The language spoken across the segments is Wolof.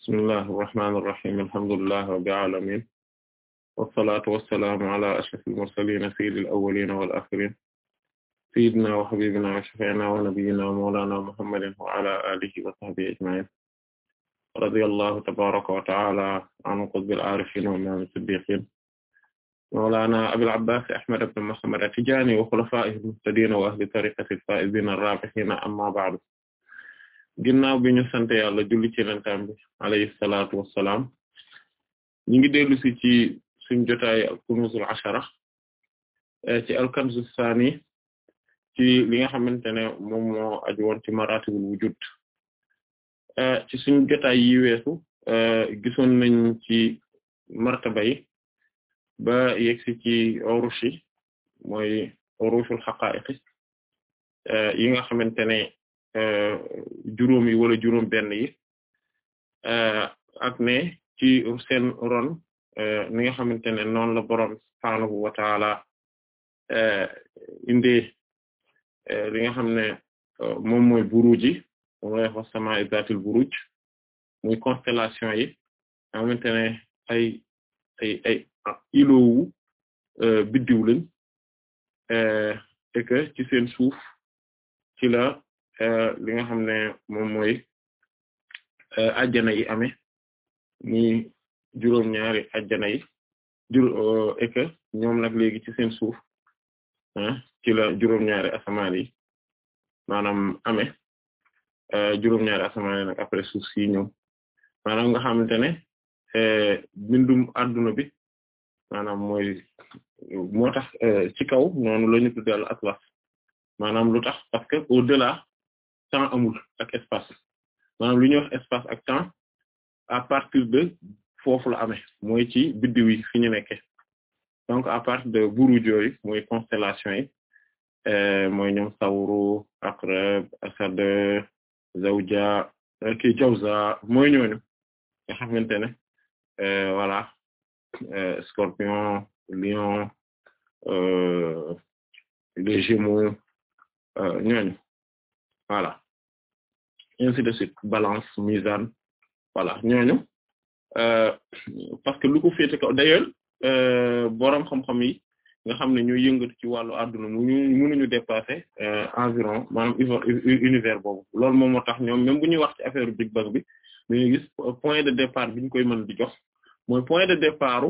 bismillahi irrahmani irrahim alhamdulillahi rabbil alamin wassalatu wassalaamu ala ashrafil mursalin sayyidil awwalin wal akhirin sayyidina wa habibina wa shafi'ina wa nabiyyina wa mawlana muhammadin wa ala alihi wa sahbihi ajma'in radiyallahu tabaraka wa ta'ala an qutbil arifin wa imam siddiqin mawlana abil abbas ahmad ibn muhammad at-tijani wa khulafa'ihil muhtadin wa ahli tariqatil faa'izin ar-raabihin amma ba'du ginnaaw bi ñu sant yàlla julli ci yenentaan bi salaatu wassalaam ñu ngi dellu ci suñ jotaay al kunuzul ashara eh, ci al kanzu saani ci li nga xamante ne moom aju woon ci maratibul wujud eh, ci suñ jotaay yi weesu eh, gisoon nañ ci martaba yi ba yegsi ci urush yi mooy urushul haqa'iq yi nga xamante ne Eh, juróom yi wala juróom benn yi eh, ak ne ci seen ron eh, ni nga xamante ne noonu la boroom subhaanahu wa taala indee li nga xam ne moom mooy buruj yi moom lay wax sama zaatil buruj muy constellation yi nga ay ay ay iloowu biddiw lañ et que ci seen suuf ci Euh, li nga xam ne moom mooy euh, ajjana yi amee nii juróom-ñaari ajjana yi jur euh, et que ñoom nag léegi ci seen suuf ah ci la juróom-ñaari asamaan yi maanaam amee juróom-ñaari asamaan yi nag après suuf si ñëw maanaam nga xamante ne bindum adduna bi maanaam mooy moo tax ci kaw noonu la ñu atlas maanaam lu tax parce que au temps amul ak espace maanaam li ñuy espace ak temps à partir de foofu la amee mooy ci biddiw yi fi ñu donc à part de buruj yooyu mooy constellation yi euh, mooy ñoom Sawru Aqrab Asad Zawja euh, ki Jawza mooy ñooñu nga xamante ne euh, voilà scorpion lion les ñooñu voilà ainsi de suite balance mizan voilà ñooñu euh, parce que lu ko féete kaw d'ailleurs euh, boroom xam-xam yi nga xam ne ñooy yëngatu ci wàllu àdduna mu ñu mënuñu dépasser euh, environ maanaam univers boobu loolu moom moo tax ñoom même bu ñuy wax ci affaire Big Bang bi dañuy gis point de départ ñu koy mën di jox mooy point de départ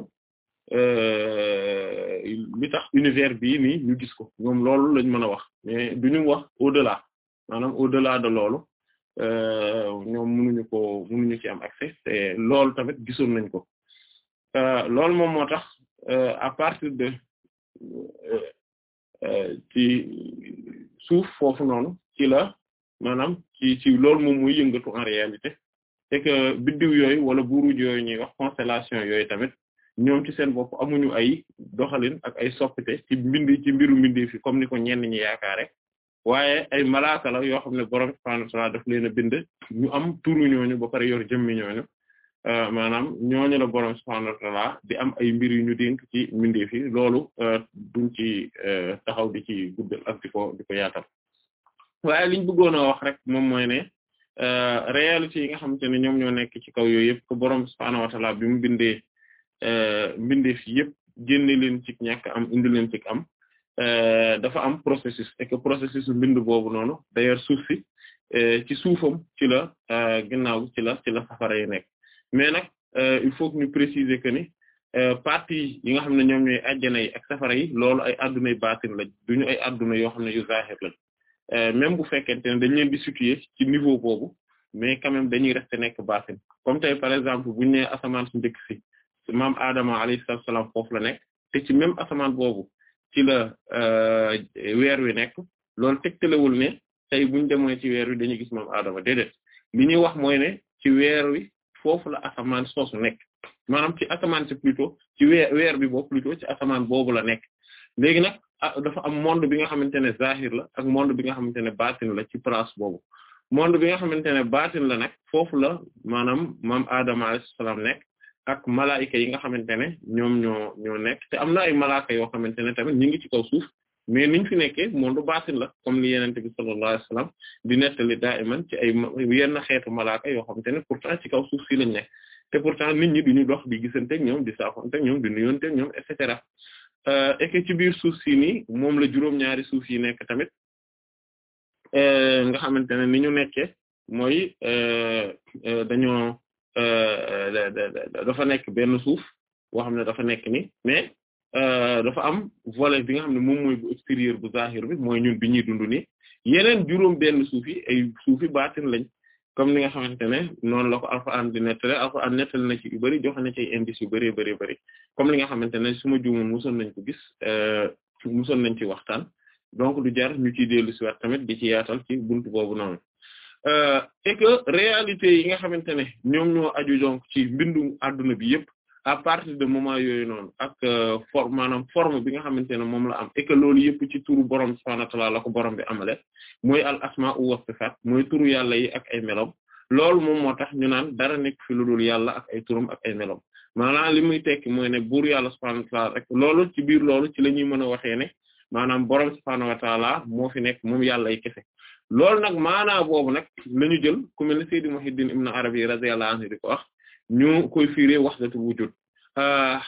li tax univers bii ñu gis ko ñoom loolu lañ mën a wax mais duñu wax au-delà maanaam au-delà de loolu Euh, ñoom mënuñu ko mënuñu ci am accès te loolu tamit gisoon nañ ko euh, loolu moom moo tax euh, à partir de ci suuf foofu noonu ci la maanaam ci ci loolu moom muy yëngatu en réalité c'est que biddiw yooyu wala buruj yooyu ñuy wax constellation yooyu tamit ñoom ci seen bopp amuñu ay doxalin ak ay soppite ci mbind ci mbiru mbindi fi comme ni ko ñenn ñi yaakaare waaye ay malaaka la yoo xam ne borom subhaanahu wa daf leen a bind ñu am turu ñooñu ba pare yor jëmmi ñooñu euh, maanaam ñooñu la borom subhaanahu wa ta'aala di am ay mbir yu ñu dénk ci mbindeef yi loolu euh, duñ ci euh, taxaw di ci guddal ak di ko di ko yaatal waaye liñ bëggoon a wax rek moom mooy ne réalités yi nga xamante ne ñoom ñoo nekk ci kaw yooyu yëpp que borom subhaanahu wa ta'aala bi mu bindee mbindeef yëpp génne leen ci ñàkk am indi leen ci am. Euh, dafa am processus et que processus mbind boobu noonu d'ailleurs suuf si euh, ci suufam ci la euh, ginnaaw ci la ci la safara yi nekk mais nag il faut que ñu préciser que ni partie yi nga xam ne ñoom ñooy àjjana yi ak safara yi loolu ay addunay baatin lañ ñu ay adduna yoo xam ne yu zahir lañ même bu fekkente ne dañ leen di situer ci niveau boobu mais quand même dañuy rester nekk baatin comme tey par exemple bu ñu nee asamaan su njëkk si maam Adama alayhi salaam foofu la nekk te même asamaan boobu. ci la euh, weer wi nekk loolu tegtalewul ne tey buñ mooy ci weer wi dañuy gis moom aadama déedéet li ñuy wax mooy ne ci weer wi foofu la asamaan soosu nekk maanaam ci asamaan si plutôt ci weer weer bi boobu plutôt ci asamaan boobu la nekk léegi nag dafa am monde bi nga xamante ne zahir la ak monde bi nga xamante ne baatin la ci place boobu monde bi nga xamante ne baatin la nag foofu la maanaam maam aadama alayhi salaam nekk ak malaayika yi nga xamante ne ñoom ñoo ñoo nekk te am na ay malaaka yoo xamante ne tamit ñu ngi ci kaw suuf mais niñ fi nekkee monde baatin la comme li yenente bi sallallahu alayhi wasallam di nettali daiman ci ay yenn xeetu malaaka yoo xamante ne pourtant ci kaw suuf si lañ nekk te pourtant nit ñi duñu dox di gisanteeg ñoom di saafonteeg ñoom di nuyonteeg ñoom et cetera euh, et que ci biir suuf si nii moom la juróom-ñaari suuf yi nekk tamit euh, nga xamante ne niñu nekke mooy euh, dañoo Euh, euh, dafa nekk benn suuf boo xam ne dafa nekk ni mais euh, dafa am volet bi nga xam ne moom mooy bu extérieur bu zahir bi mooy ñun bi ñuy dund ni yeneen juróom benn suuf yi ay suufi baatin lañ comme ni nga xamante ne noonu la ko Alxuraan di nettale Alxuraan nettale na ci yu bëri joxe na ci yu bëree bëri bëri comme li nga xamante ne su ma juumoon nañ ko gis mosoon nañ ci waxtaan donc du jar ñu ciy dellu si waat tamit di ci yaatal ci bunt boobu noonu Euh, et que réalité yi nga xamante ne ñoom aju donc ci mbindum adduna bi yëpp à partir de moment yooyu noonu ak euh, forme maanaam forme bi nga xamante ne moom la am et que yëpp ci turu borom subhaanahu wa ta'aala la ko borom bi amale mooy al asmaa'u wa sifaat mooy turu yàlla yi ak ay melom loolu moom moo tax ñu naan dara nekk fi lu dul yàlla ak ay turam ak ay melom maanaam li muy tekki mooy ne buur yàlla subhaanahu wa rek loolu ci biir loolu ci la ñuy mën a waxee ne maanaam borom subhaanahu moo fi nekk moom yàlla ay kese. loolu nag maanaa boobu nag la ñu jël ku mel ne Seydi Muhiddin Ibn Arabi radiyallahu anhu di ko wax ñu koy fiiree wahdatul wujud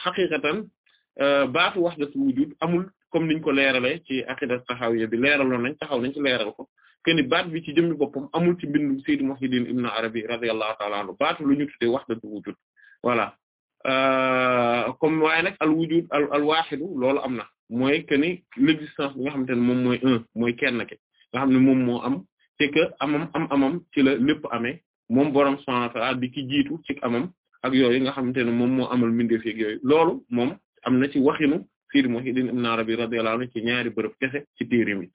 xaqiqatan euh, euh, baatu wahdatul wujud amul comme niñ ko leeralee ci aqida taxawiyya bi leeraloon nañ taxaw nañ ci leeral ko keni baat bi ci jëmmi boppam amul ci mbindum Seydi Muhiddin Ibn Arabi radiyallahu ta'ala anhu baatu lu ñu tuddee wahdatul wujud voilà euh, comme waaye nag al wujud al al waahidu loolu am na mooy que ni l'existence bi nga xamante ne moom mooy un kenn ki nga xam ne moom moo am c'est que am amam ci la lépp amee moom borom subhaanahu wa ta'aala di ki jiitu ci amam ak yooyu nga xamante ne moom moo amal mbindeef yeeg yooyu loolu moom am na ci waxinu Sayyid Muhyiddin Ibn Arabi radiyallahu anhu ci ñaari bërëb kese ci téere mi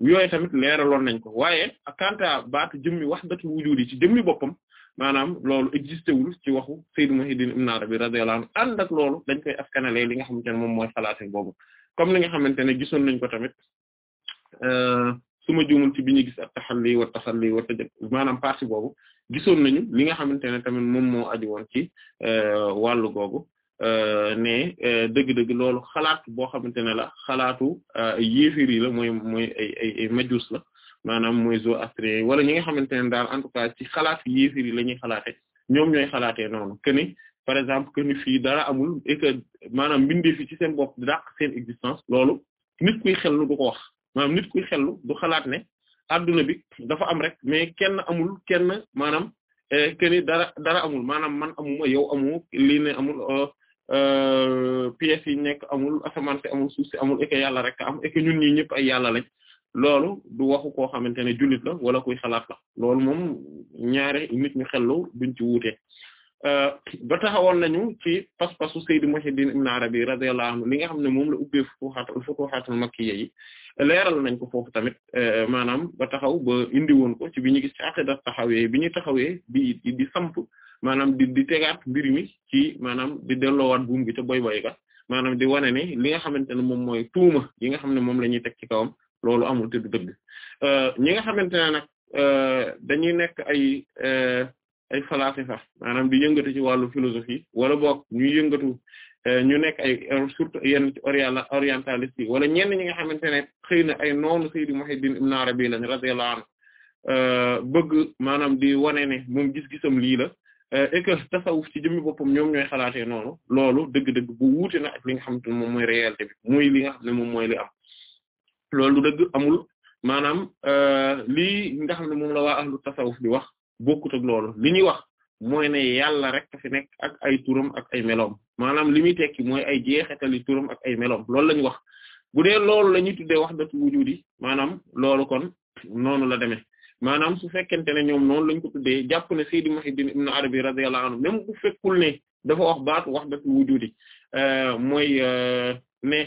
yooyu tamit leeraloon nañ ko waaye akanta baatu jëmmi wahdatul wujuudi ci jëmmi boppam maanaam loolu existé wul ci waxu Sayyid Muhyiddin Ibn Arabi radiyallahu anhu ànd ak loolu dañ koy askanalee li nga xamante ne moom mooy xalaate boobu comme li nga xamante ne gisoon nañ ko tamit euh, su ma juumul ci bi ñu gis ak taxalli wa taxalli wa maanaam partie boobu gisoon nañu li nga xamante ne tamit moom moo aju woon ci euh, wàllu googu euh, ne euh, dëgg-dëgg loolu xalaat boo xamante ne la xalaatu yéefir yi la mooy mooy ay ay la maanaam mooy zoroastrien wala ñi nga xamante ne daal en ci xalaat yéefir yi la ñuy xalaate ñoom ñooy xalaatee noonu que par exemple que ni fii dara amul et maanaam mbindeef fi ci seen bopp dàq seen existence loolu nit kuy xel lu ko wax maanaam nit ku xelu du xalaat ne adduna bi dafa am rek mais kenn amul kenn maanaam kenn eh, dara dara amul maanaam man amuma yow amu lii ne amul oh, euh, pièces yi nekk amul asamaan amul suuf amul yàlla rek am et ñun ñii ñëpp a yàlla lañ loolu du waxu koo xamante ne julit la wala kuy xalaat la loolu moom ñaare nit ñu xellu duñ ci wuute. Euh, ba taxawoon nañu ci pas-pasu Sayyid Muhyiddin Ibn Arabi radiyallahu anhu li nga xam ne moom la ubbee Futuhatul Futuhatul Makkiyya yi leeral nañ ko foofu tamit euh, maanaam ba taxaw ba indi woon ko ci bi ñu gis ci aqidat taxawee bi ñu taxawee di di samp maanaam di di tegaat mbir mi ci maanaam di delloowaat buum gi te boy boy ga maanaam di wane ne li nga xamante ne moom mooy tuuma yi nga xam ne moom la ñuy teg ci kawam loolu amul te du dëgg euh, ñi nga xamante ne nag euh, dañuy nekk ay ay falaasifa maanaam di yëngatu ci wàllu philosophie wala boog ñuy yëngatu Euh, ñu nekk ay euh, surtout yenn ci orientaliste yi wala ñenn ñi nga xamante ne xëy na ay noonu Sayyid Muhyiddin Ibn Arabi lañ radiyallahu anhu euh, bëgg maanaam di wane ne moom gis-gisam lii la et que tasawuf ci jëmmi boppam ñoom ñooy xalaatee noonu loolu dëgg-dëgg bu wuute na ak li nga xamante ne moom mooy réalité muy li nga xam ne moom mooy li am loolu dëgg amul maanaam lii nga xam ne moom la waa ahlu tasawuf di wax bokkut ak loolu li ñuy wax mooy ne yàlla rek fi nekk ak ay turam ak ay meloom maanaam li muy tekki mooy ay jeexitali turam ak ay meloom loolu la ñu wax bu dee loolu la ñuy tuddee wahdatu wujudi maanaam loolu kon noonu la demee maanaam su fekkente ne ñoom noonu lañ ko tuddee jàpp ne Sayyid Muhiddin Ibn Arabi radiyallahu anhu même bu fekkul dafa wax baatu wahdatu wujudi euh, mooy euh, ne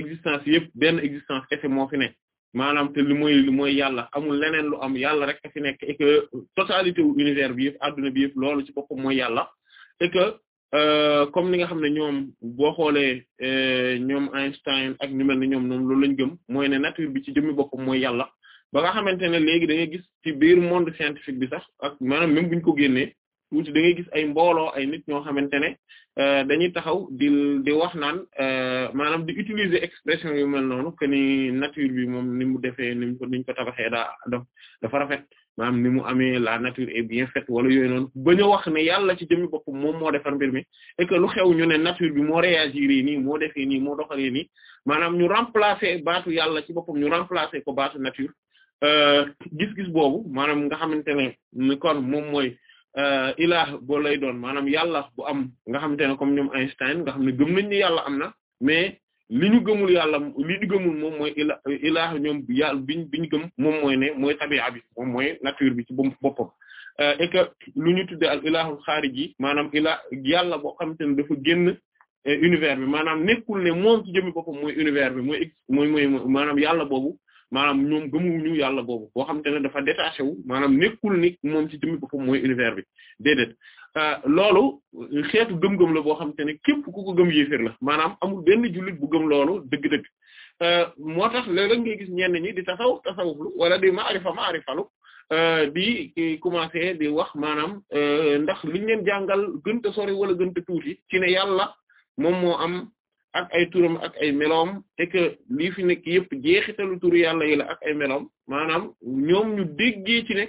existence yëpp benn existence kese moo fi ne maanaam te li mooy li mooy yàlla amul leneen lu am yàlla rek a fi nekk et que totalité wu univers bi yëpp adduna bi yëpp loolu ci boppam mooy yàlla et que euh, comme ni nga xam ne ñoom boo xoolee euh, ñoom Einstein ak ñu mel ni ñoom ñoom loolu lañ gëm mooy ne nature bi ci jëmmi boppam mooy yàlla ba nga xamante ne léegi da ngay gis ci biir monde scientifique bi sax ak maanaam même buñ ko génnee tuuti da ngay gis ay mbooloo ay nit ñoo xamante ne euh, dañuy taxaw di di wax naan euh, maanaam di utiliser expression yu mel noonu que ni nature bi moom ni mu defee ni mu ko ni ñu ko tabaxee daa dafa rafet maanaam ni mu amee la nature et bien faite wala yooyu noonu bañ a wax ne yàlla ci jëmmi bopp moom moo defar mbir mi et que lu xew ñu ne nature bi moo réagir nii moo defee nii moo doxalee nii maanaam ñu remplacer baatu yàlla ci boppam ñu remplacer ko baatu nature euh, gis-gis boobu maanaam nga xamante ne kon moom mooy. Euh, ilaah boo lay doon maanaam yàlla bu am nga xamante ne comme ñoom Einstein nga xam ne gëm nañ ni yàlla am na mais li ñu gëmul yàlla li ñu gëmul moom mooy ila ilaah ñoom yàlla biñ biñ gëm moom mooy ne mooy tabia bi moom mooy nature bi ci boppam euh, et que lu ñu tuddee al ilaahul xaariji maanaam ilaah yàlla boo xamante ne dafa génn euh, univers bi maanaam nekkul ne moom ci jëmmi boppam mooy univers bi mooy mooy mooy maanaam yàlla boobu maanaam ñoom gëmuñu yàlla boobu boo xamante ne dafa détaché wu maanaam nekkul ni moom ci jëmmi boppam mooy univers bi déedéet euh, loolu xeetu gëm-gëm la boo xamante ne képp ku ko gëm yéeféer la maanaam amul benn jullit bu gëm loolu dëgg-dëgg euh, moo tax léeg-léeg ngay gis ñenn ñi di tasaw tasawuflu wala di maarifa maarifalu euh, di commencer di wax maanaam ndax liñ leen jàngal gën a wala gën a tuuti ne yàlla moom moo am ak ay turam ak ay meloom et que lii fi nekk yëpp jeexitalu turu yàlla yi la ak ay meloom maanaam ñoom ñu déggee ci ne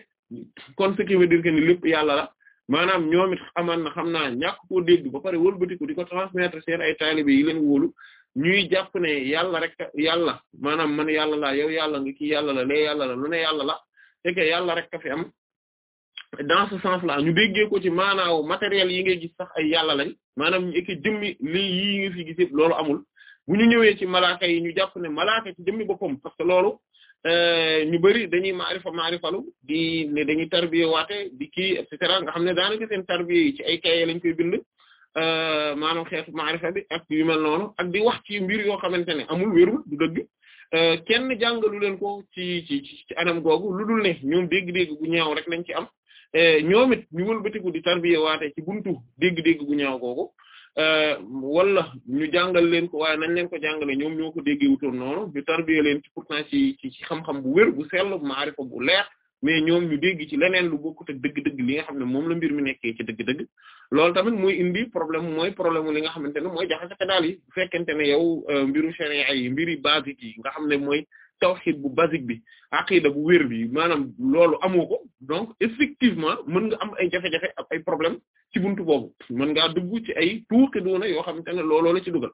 kon ce qui veut ni lépp yàlla la maanaam ñoom it na xam naa ñàkk koo dégg ba pare wëlbatiku di ko transmettre seen ay taalibe yi leen wóolu ñuy jàpp ne yàlla rek yàlla maanaam man yàlla laa yow yàlla nga ki yàlla la lee yàlla la lu ne yàlla la et que yàlla rek ka fi dans ce sens ñu déggee ko ci maanaaw matériel yi ngay gis sax ay yàlla lañ maanaam ñu jëmmi lii yii nga fi gis loolu amul bu ñu ñëwee ci malaaka yi ñu jàpp ne malaaka ci jëmmi boppam parce que loolu euh, ñu bari dañuy maarifa maarifalu di ne dañuy tarbiye waate di kii et cetera nga xam ne daanaka seen tarbiye yi ci ay kaye lañ koy bind euh, maanaam xeetu maarifa bi ak yu mel noonu ak di wax ci mbir yoo xamante ne amul wérul du dëgg euh, kenn jàngalu leen ko ci ci anam googu lu dul ne ñoom dégg-dégg bu rek lañ ci am Eh, ñoom it ñu wëlbatiku di tarbiya waate ci buntu dégg-dégg gu ñaaw googu eh, wala ñu jàngal leen ko waaye nañ leen ko jàngale ñoom ñoo ko déggee wutoon noonu ñu tarbiya leen ci pourtant ci ci ci xam-xam bu wér bu sell bu maarifa bu leer mais ñoom ñu dégg ci leneen lu bokkut ak dëgg-dëgg li nga xam ne moom la mbir mi nekkee ci dëgg-dëgg loolu tamit muy indi problème mooy problème li nga xamante ne mooy jaxase daal yi bu fekkente ne yow eh, mbiru sharia yi mbiri basique yi nga xam ne mooy taw tawxiid bu basique bi a aqida bu wér bi maanaam loolu amoo ko donc effectivement mën nga am ay jafe-jafe ay problème ci buntu boobu mën ngaa duggu ci ay tuuti doona yoo xamante ne looloo la ci dugal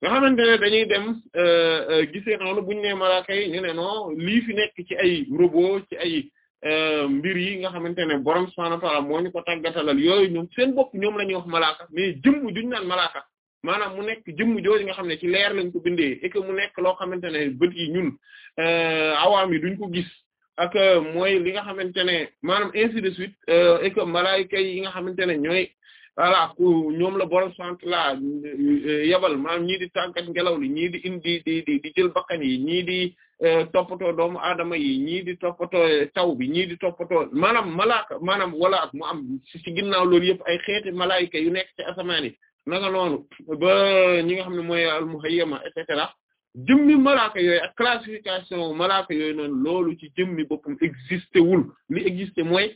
nga xamante ne dañuy dem euh, euh, gisee noonu buñu nee malaaka yi ñu ne non lii fi nekk ci ay robot ci ay euh, mbir yi nga xamante ne borom subhaanahu wa ta'aala moo ñu ko tàggatalal yooyu ñoom seen bopp ñoom la ñuy wax malaaka mais jëmm juñ naan malaaka maanaam mu nekk jëmm jooju nga xam ne ci leer lañ ko bindee et mu nekk loo xamante ne bët yi ñun euh, awaam yi duñ ko gis ak euh, mooy li nga xamante ne maanaam ainsi de suite euh, et que malaayika yi nga xamante ne ñooy ñoom la borom sant la yebal maanaam ñii di tànkat ngelaw li ñii di indi di di di jël bakkan yi ñii di toppatoo doomu aadama yi ñii di toppatoo taw bi ñii di toppatoo maanaam malaaka maanaam wala ak mu am ci ginnaaw loolu yëpp ay xeeti malaayika yu nekk ci asamaan yi naka noonu ba ñi nga xam ne mooy al muhayyama et cetera jëmmi malaaka yooyu ak classification malaaka yooyu noonu loolu ci jëmmi boppam existé wul li existé mooy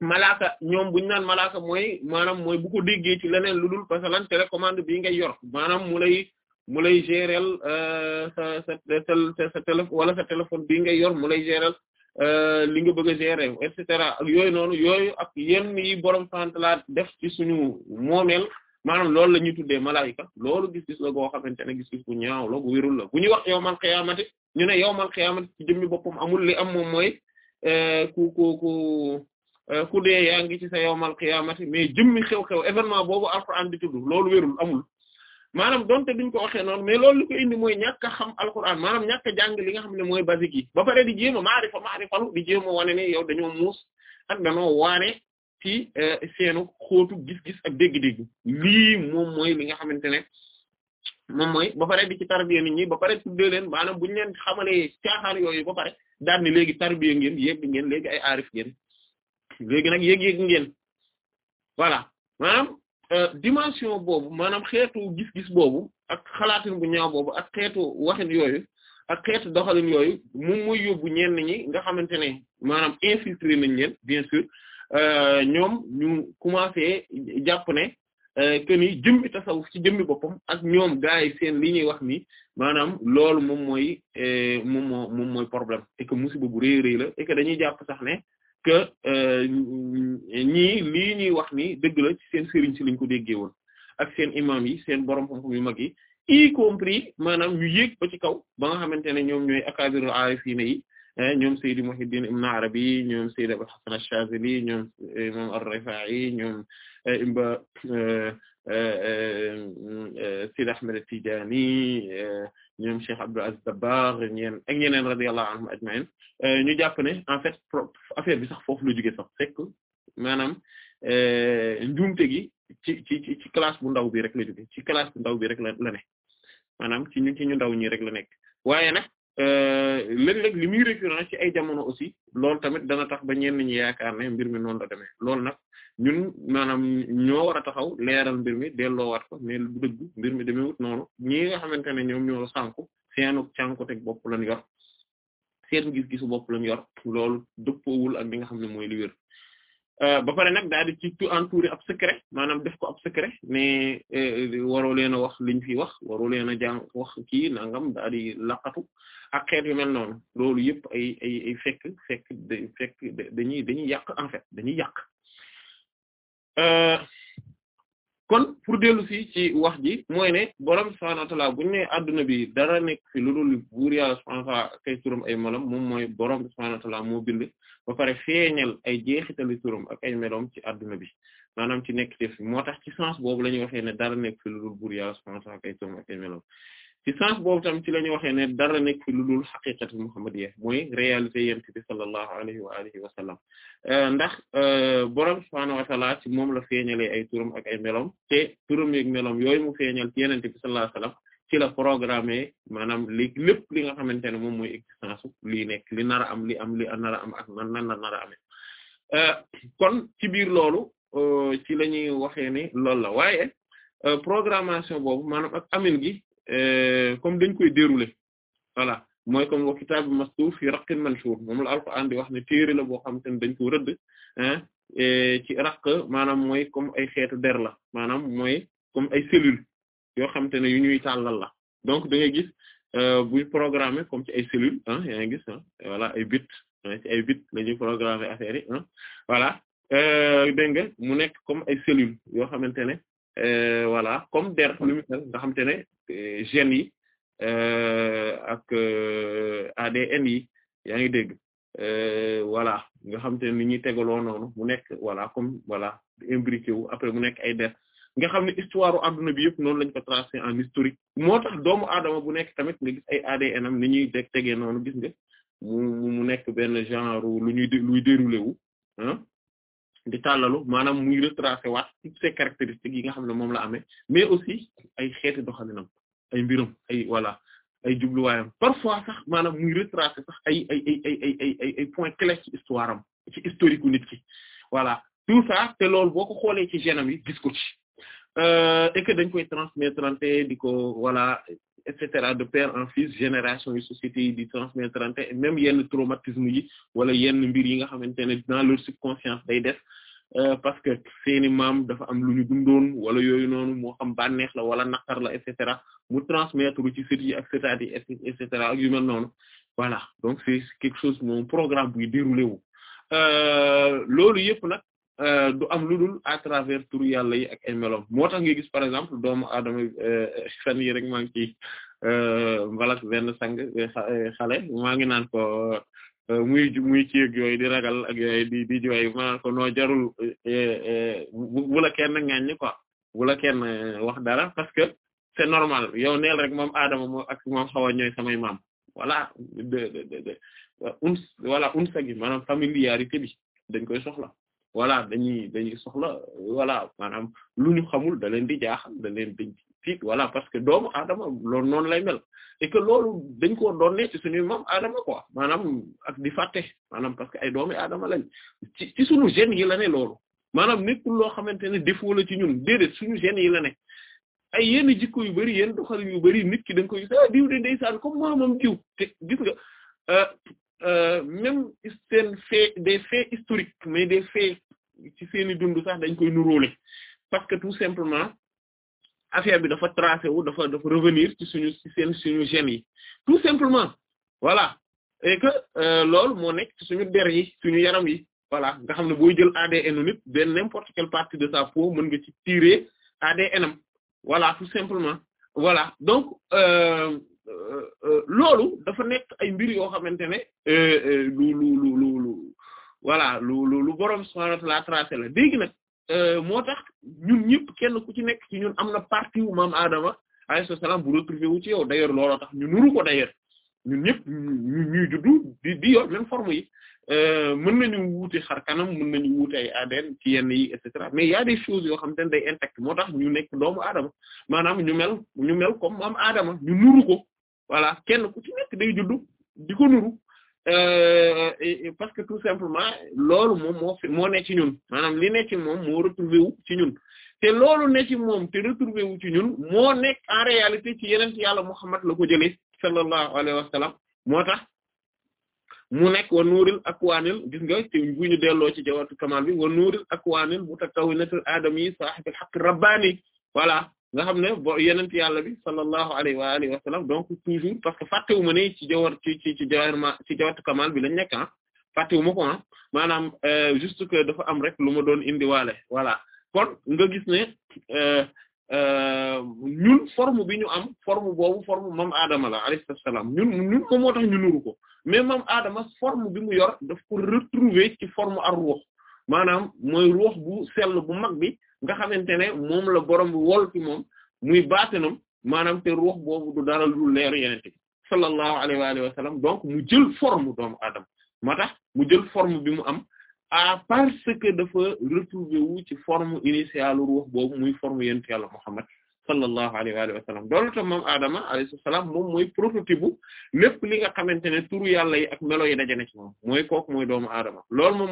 malaaka ñoom bu ñu naan malaaka mooy maanaam mooy bu ko déggee ci leneen lu dul parce lan télécommande bii ngay yor maanaam mu lay mu lay gérer euh, sa wala sa téléphone bii ngay yor mu lay gérer euh, li nga bëgg a et cetera ak yooyu noonu yooyu ak yenn yi borom sant def ci suñu moomeel maanaam loolu la ñuy tuddee malaayika loolu gis-gis la goo xamante ne gis-gis bu ñaaw la bu wérul la bu ñuy wax yawmal xiyaamati ñu ne yawmal xiyaamati ci jëmmi boppam amul li am moom mooy euh, ku ku ku euh, ku dee yaa ngi ci sa yawmal xiyaamati mais jëmmi xew-xew événement boobu alxuraan di tudd loolu wérul amul maanaam donte duñ ko waxee noonu mais loolu indi mooy ñàkk a xam alxuraan maanaam ñàkk a jàng li nga xam ne mooy basique yi ba pare di jéem a ma maarifalu di jéem a wane ne yow dañoo muus ak dañoo waane ci euh, seenu xóotu gis-gis ak dégg-dégg lii moom mooy li nga xamante ne moom mooy ba pare di ci tarbiya nit ñi ba pare tuddee leen maanaam bu ñu leen xamalee caaxaan yooyu ba pare daal ni léegi tarbiya ngeen yegg ngeen léegi ay aarif ngeen léegi nag yëg-yëg ngeen voilà maanaam euh, dimension boobu maanaam xeetu gis-gis boobu ak xalaatin bu ñaaw boobu ak xeetu waxin yooyu ak xeetu doxalin yooyu moom mooy yóbbu ñenn ñi nga xamante ne maanaam infiltrer nañ leen bien Euh, ñoom ñu commencé jàpp ne euh, que ni jëmmi tasawuf ci jëmmi boppam ak ñoom gars yi seen li ñuy wax ni maanaam loolu moom mooy euh, moom moo moom mooy problème et que musiba bu rëy rëy la et que dañuy jàpp sax ne que ñii lii ñuy wax ni dëgg la ci seen sëriñ si lañ ko déggee woon ak seen imam yi seen borom xam-xam yu mag yi y compris maanaam ñu yéeg ba ci kaw ba nga xamante ne ñoom ñooy akabirul arifina yi Eh, ñoom Seydi Muhiddin Ibn Arabi ñoom Seydi Abul Hasan Ash-Shazili ñoom eh, imam Ar-Rifa'i ñoom eh, imba Seydi Ahmad At-Tidjânî ñoom Cheikh Abdul Aziz Dabakh ñeen ak ñeneen radiyallahu anhum ajma'in ñu jàpp ne en affaire bi sax foofu la jóge sax fekk maanaam njuumte gi ci ci ci classe bu ndaw bi rek la jóge ci classe bu ndaw bi rek la la ne maanaam ci ñu ci ñu ndaw ñi rek la nekk waaye Euh, léeg-léeg li muy récurrent ci ay jamono aussi lool tamit dana tax ba ñenn ñi yaakaar ne mbir mi noonu la demee loolu nag ñun maanaam ñoo war a taxaw leeral mbir mi delloowaat ko mais bu mbir mi demewut noonu ñi nga xamante ne ñoom ñoo sànku seenu cànku teg bopp lañ yor seen gis-gisu bopp lañ yor loolu dëppoowul ak li nga xam ne mooy li wér euh, ba pare nag daal di ci tout entouré ab secret maanaam def ko ab secret mais euh, waroo leen a wax liñ fi wax waroo leen a jàng wax kii nangam daal di laqatu ak xeet yu mel noonu loolu yëpp ay ay fekk fekk fekk dañuy dañuy yàq en fait dañuy yàq euh, kon pour dellu si ci wax ji mooy ne borom subhaanahu wa ne adduna bi dara nekk fi lu dul buur yàlla subhaanahu wa turam ay melam moom mooy borom subhaanahu wa ta'aala moo bind ba pare feeñal ay jeexitali turam ak ay meloom ci adduna bi maanaam ci nekk te fi moo tax ci sens boobu la ñuy ne dara nekk fi lu dul buur ak ay melam ci sens boobu tamit ci la ñu waxee ne dara nekk fi lu dul xaqiqatul muhammadiyya mooy réalité yent bi sallallahu alayhi wa alihi wa sallam euh, ndax euh, borom subhaanahu wa ta'ala ci moom la feeñalee ay turam ak ay melom te turam yeeg melom yooyu mu feeñal ci yenente bi sallallahu alayhi wa sallam ci la programmé maanaam li lépp li nga xamante ne moom mooy existence lii nekk li nar a am li am li am a am ak nan nan la nar a euh, kon ci biir loolu ci la ñuy waxee ne loolu la waaye programmation boobu maanaam ak amin gi Euh, comme dañ koy dérouler voilà mooy comme wa kitaabu mastuur fi raqin manshuur moom la alxuraan di wax ne téere la boo xamante ne dañ ko rëdd ci raq maanaam mooy comme ay xeetu der la maanaam mooy comme ay cellules yoo xamante ne yu ñuy tàllal la donc da ngay gis euh, buy programmer comme ci ay cellules ah yaa ngi gis ah voilà ay bits ci ay bits la voilà euh, dégg nga mu nekk comme ay cellules yoo xamante ne Euh, voilà comme der lu nga xam te ne euh, gènes yi euh, ak ADN yi yaa ngi dégg voilà nga xam te ne ni ñuy tegaloo noonu mu nekk voilà comme voilà imbriqué wu après mu nekk ay der nga xam ne histoire adduna bi yëpp noonu lañ ko tracé en historique moo tax doomu aadama bu nekk tamit nga gis ay ADN am ni ñuy deg tegee noonu gis nga mu mu nekk benn genre lu ñuy luy déroulé wu ah di tàllalu maanaam muy retracer waat toutes ces yi nga xam ne moom la amee mais aussi ay xeeti doxalinam ay mbiram ay voilà ay jubluwaayam parfois sax maanaam muy retracer sax ay ay ay ay ay ay histoire am ci historique nit ki voilà tout ça te loolu boo ko xoolee ci gènam yi gis ko ci euh, et que dañ koy transmettre di ko wala et cetera de père en fils génération yi société yi di transmettre et même yenn traumatisme yi wala yenn mbir yi nga xamante ne dans leur subconscience day def euh, parce que seeni maam dafa am lu ñu dundoon wala yooyu noonu moo xam bànneex la wala naqar la et cetera mu transmettre ci sët yi ak sëtaat yi et cetera ak yu mel noonu voilà donc c'est quelque chose moom programme buy déroulé wu euh, loolu yëpp nag Euh, du am lu dul à travers turu yàlla yi ak ay meloom moo tax nga gis par exemple doomu aadama euh, fan yi rek maa ngi ci euh, mbalak benn sang xale maa ngi naan ko muy muy ci ak yooyu di ragal ak yooyu di di jooy ma jarul bu la kenn ŋaññi quoi bu la kenn wax dara parce que c'est normal yow neel rek moom aadama moo ak moom a ñooy samay maam voilà de de de un voilà un sagi maanaam familiarité bi koy soxla voilà dañuy dañuy soxla voilà maanaam lu ñu xamul da leen di jaaxal da leen di tiit voilà parce que doomu aadama loolu noonu lay mel et que loolu dañ koo doonne ci suñuy maam aadama quoi maanaam ak di fàtte maanaam parce que ay doomi aadama lañ ci ci suñu gènes yi la ne loolu maanaam nekkul loo xamante ne défaut la ci ñun déedéet suñu gènes yi la ne ay yenn jikko yu bari yenn doxalin yu bari nit ki da nga koy gis ah diw de ndeysaan comme maamam diw te gis nga euh, Euh, même seen fait des faits historiques mais des faits ci seeni dund sax dañ koy nuróole parce que tout simplement affaire bi dafa tracé wu dafa dafa revenir ci suñu ci suñu gènes yi tout simplement voilà et que euh, loolu moo nekk ci suñu der yi suñu yaram yi voilà nga xam ne booy jël ADN nit de n'importe quelle partie de sa peau mën nga ci tirer ADN am voilà tout simplement voilà donc euh, Euh, euh, loolu dafa nekk ay mbir yoo xamante ne euh, lu lu lu lu lu voilà lu lu lu borom subhaanahu wa ta'aala tracé la léegi nag moo tax ñun ñëpp kenn ku ci nekk ci ñun am na partie wu maam Adama alayhi salaam bu retrouvé wu ci yow d'ailleurs looloo tax ñu nuru ko d'ailleurs ñun ñëpp ñu ñuy juddu di di yor même forme yi mën nañu wuute xar kanam mën nañu wuute ay ADN ci yenn yi et cetera mais y des choses yoo xam ne day intact moo tax ñu nekk doomu aadama maanaam ñu mel ñu mel comme maam aadama ñu nuru ko voilà kenn ku ci nekk day juddu di ko nuru euh, parce que tout simplement loolu moom moo fi moo ne ci ñun maanaam li ne ci moom moo ci ñun te loolu ne ci moom te retrouvé ci ñun moo nekk en réalité ci yeneen yàlla Muhammad la ko jëlee sallallahu alayhi wa sallam moo tax mu nekk wa nuuril akwaanil gis nga te bu ñu delloo ci jawatu kamal bi wa nuuril akwaanil mutatawilatil aadami saahibil haqqi rabbaani voilà nga xam ne bo yenent yàlla bi sallallahu alayhi wa alihi wa sallam donc toujours parce que fàttewuma ne ci jawar ci ci ci jawar ma ci jawatu kamal bi lañ nekk ah fàttewuma ko ah. maanaam euh, juste que dafa am rek lu ma doon indiwaale voilà kon nga gis ne euh, euh, ñun forme bi ñu am forme boobu forme mam Adama la alayhi salaam ñun ñun ko moo tax ñu ko mais mam Adama forme bi mu yor def ko retrouver ci forme ar ruux maanaam mooy ruux bu sell bu mag bi nga xamante ne moom la borom bi wol ci moom muy baatinam maanaam te ruux boobu du dara lu leeru yenente bi sallallahu alayhi wa sallam donc mu jël forme doomu aadama moo mu jël forme bi mu am à parce que dafa retrouver wu ci forme initiale ruux boobu muy forme yenente yàlla Muhammad sallallahu alayhi wa sallam doolu tam moom aadama alayhi salaam moom mooy prototype bu lépp li nga xamante ne turu yàlla yi ak melo yi dajane ci moom mooy kooku mooy doomu aadama loolu moom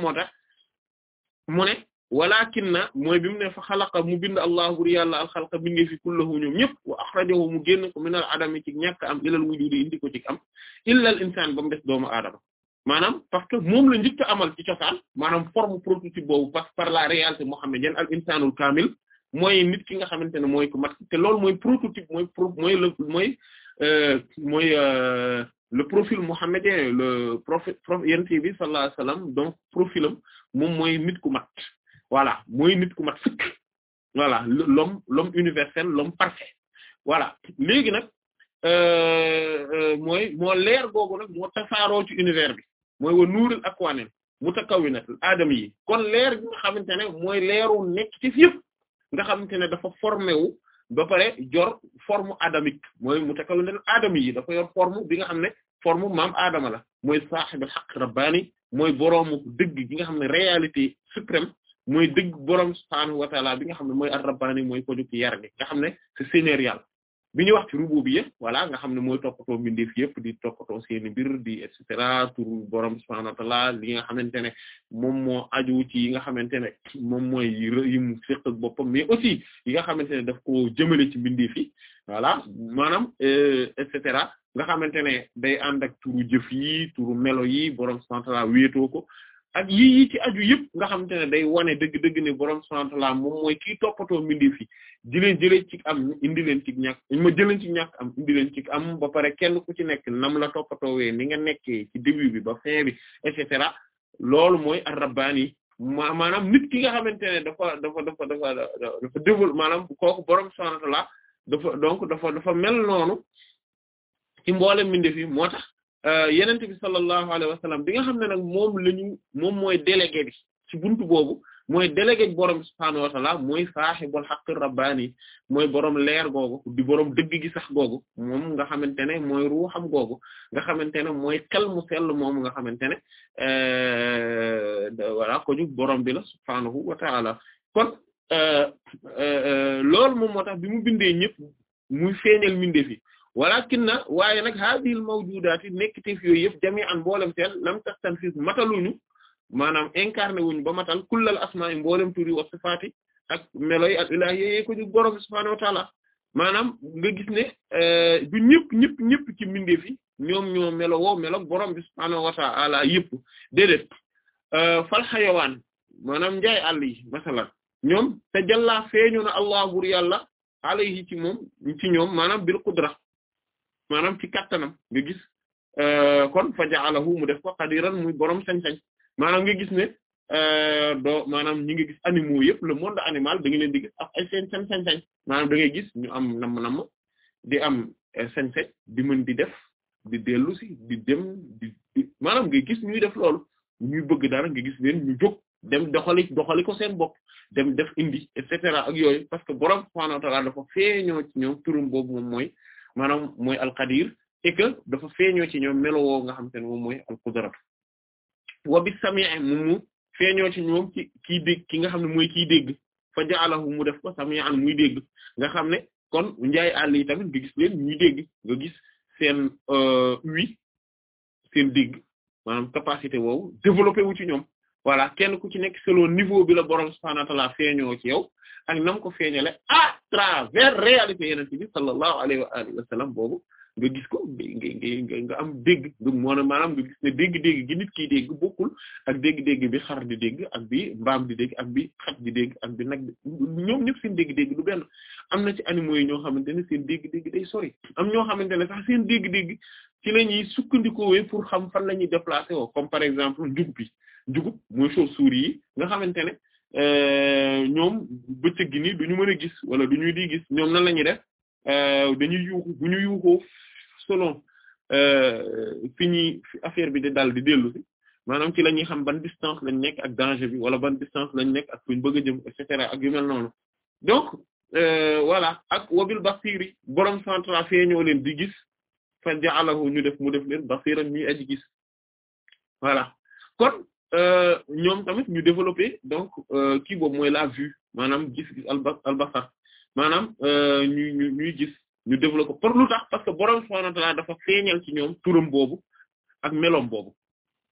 moo na mooy bi mu ne fa xalaqa mu bind allah bur yàlla alxalqa bindee fi kullahu ñoom ñëpp wa o mu génn ko minal adami ci ñàkk am ilal wujudi indi ko ci am illal insaan ba mu des doomu aadama maanaam parce que moom la njëkk amal ci cosaan maanaam forme prototype boobu parce par la réalité mohammedienne al insaanul kaamil mooy nit ki nga xamante ne mooy ku mat te loolu mooy prototype mooy pro mooy le mooy euh, mooy euh, le profil mohammedien le prophète prophète yonent bi sallallahu alayhi donc profilam moom mooy nit ku mat voilà mooy nit ku mat sëkk voilà l'homme l'homme universel l'homme parfait voilà léegi nag euh, euh, mooy moo leer googu nag moo tasaaroo ci univers bi mooy wa nuurul akwaanil mutakawwinatul aadam yi kon leer gi nga xamante ne mooy leeru nekk ci fi yëpp nga xamante ne dafa formé wu ba pare jor formu adamique mooy mutakawwinatul aadam yi dafa yor forme bi nga xam ne forme maam aadama la mooy saaxibul xaq rabbaani mooy boroomu dëgg gi nga xam ne réalité suprême mooy dëgg borom subhaanahu wa ta'ala bi nga xam ne mooy ar-rabbaani mooy ko ci yar gi nga xam ne c'est seigneurial bi ñuy wax ci rububiyya voilà nga xam ne mooy toppatoo mbindeef yëpp di toppatoo seeni mbir di et cetera turu borom subhaanahu wa ta'ala li nga xamante ne moom moo aju ci yi nga xamante ne moom mooy yi mu fekk ak boppam mais aussi yi nga xamante ne daf ko jëmale ci mbindeef yi voilà maanaam euh, et cetera. nga xamante ne day ànd ak turu jëf yi turu melo yi borom subhaanahu wa ta'ala wéetoo ko ak yii yi ci aju yëpp nga xamante ne day wane dëgg-dëgg ne borom subhaanahu wa ta'aala moom mooy kii toppatoo mbindeef yi di leen ci am indi leen ci ñàkk ma jëleen ci ñàkk am indi leen ci am ba pare kenn ku ci nekk nam la toppatoowee ni nga nekkee ci début bi ba fin bi et cetera loolu mooy ar-rabbaani ma maanaam nit ki nga xamante ne dafa dafa dafa dafa dafa développé maanaam kooku borom subhaanahu wa dafa donc dafa dafa mel noonu ci mboolem mbindeef yi moo tax. Euh, yenent bi sallallahu alayhi wa sallam bi nga xam ne nag moom la ñu moom mooy délégué bi ci buntu boobu mooy délégué borom subhaanahu wa ta'ala mooy saahibul haqqir rabbaani mooy borom leer googu di borom dëgg gi sax googu moom nga xamante ne mooy ruuxam googu nga xamante ne mooy xel mu sell moom nga xamante ne euh, voilà ko ñu borom bi la subhaanahu wa ta'ala kon euh, loolu moom moo tax bi mu bindee ñëpp muy feeñal mbindeef yi na waaye nag hadil mawjudaati nekkatif yooyu yëpp jami'an mboolem seen lam tastanfis mataluñu maanaam incarné wuñ ba matal kullal asma'i mboolem tur yi wa sifaati ak melo yi ak ilaah yooyu ko ñu borom subhaanahu wa ta'ala maanaam nga gis ne euh, du ñëpp ñëpp ñëpp ci mbindeef yi melo woo melo borom bi subhaanahu wa ta'ala yëpp déedéet euh, fal xayawaan maanaam njaay àll yi masalan ñoom te jàllaa feeñu na allah bur ci moom ci ñoom maanaam bil qudra maanaam ci kattanam nga gis euh, kon fa ja'alahu mu def ko qadiran muy borom sañ-sañ maanaam nga gis ne euh, doo maanaam ñi nga gis animaux yëpp le monde animal da nga leen di gis ak ay seen seen da ngay gis ñu am nam namm di am euh, sañ-sañ di mën di def di dellu di dem di maanaam nga gis ñuy def loolu ñuy bëgg dara nga gis leen ñu jóg dem doxali doxali ko seen bopp dem def indi et cetera ak yooyu parce que borom subhaanahu wa ta'aala dafa feeñoo ci ñoom turum boobu moom mooy maanaam mooy alqadir et que dafa feeñoo ci ñoom melo woo nga xam te ne moom mooy alqudratu wa bi sami'i moom mu feeñoo kii dégg ki nga xam ne mooy kii dégg fa ja'alahu mu def ko sami'an muy dégg nga xam ne kon njaay àll yi tamit nga gis leen ñuy dégg nga gis seen wi euh, seen dégg maanaam capacité woowu développé wu ci ñoom voilà kenn ku ci nekk selon niveau bi la borom subhaanahu wa ci yow ak nam ko feeñale à travers réalité yenente bi sallallahu alayhi wa alihi boobu nga gis ko nga nga am dégg nga moona maanaam nga gis ne dég dégg gi nit ki dégg bokkul ak dégg dég bi xar di dég ak bi mbaam di dégg ak bi xaj di dégg ak bi nag ñoom ñëpp seen dégg-dégg du benn am na ci animaux yi ñoo xamante ne seen dég dégg day sori am ñoo xamante ne sax seen dégg-dégg ci la ñuy sukkandikoowee pour xam fan la ñuy déplacer woo comme par exemple njugub bi njugub mooy chauve yi nga xamante ne Euh, ñoom bëccëg gi nii du ñu mën a gis wala du ñu di gis ñoom nan la ñuy def euh, dañuy yuuxu bu ñu yuuxoo selon euh, fi ñuy affaire bi di dal di dellu si maanaam ci la ñuy xam ban distance lañ nekk ak danger bi wala ban distance lañ nekk ak fuñ bëgg a jëm et ak yu mel noonu donc voilà ak wabil basiri borom central feeñoo leen di gis fa ja'alahu ñu def mu def leen basiran ñuy aji gis voilà kon Euh, ñoom tamit ñu développé donc euh, kii boobu mooy la vue maanaam gis gis alba albasar maanaam euh, ñu ñu ñuy gis ñu développé pour lu tax parce que borom subhaanahu wa ta'aala dafa feeñal ci ñoom turam boobu ak meloom boobu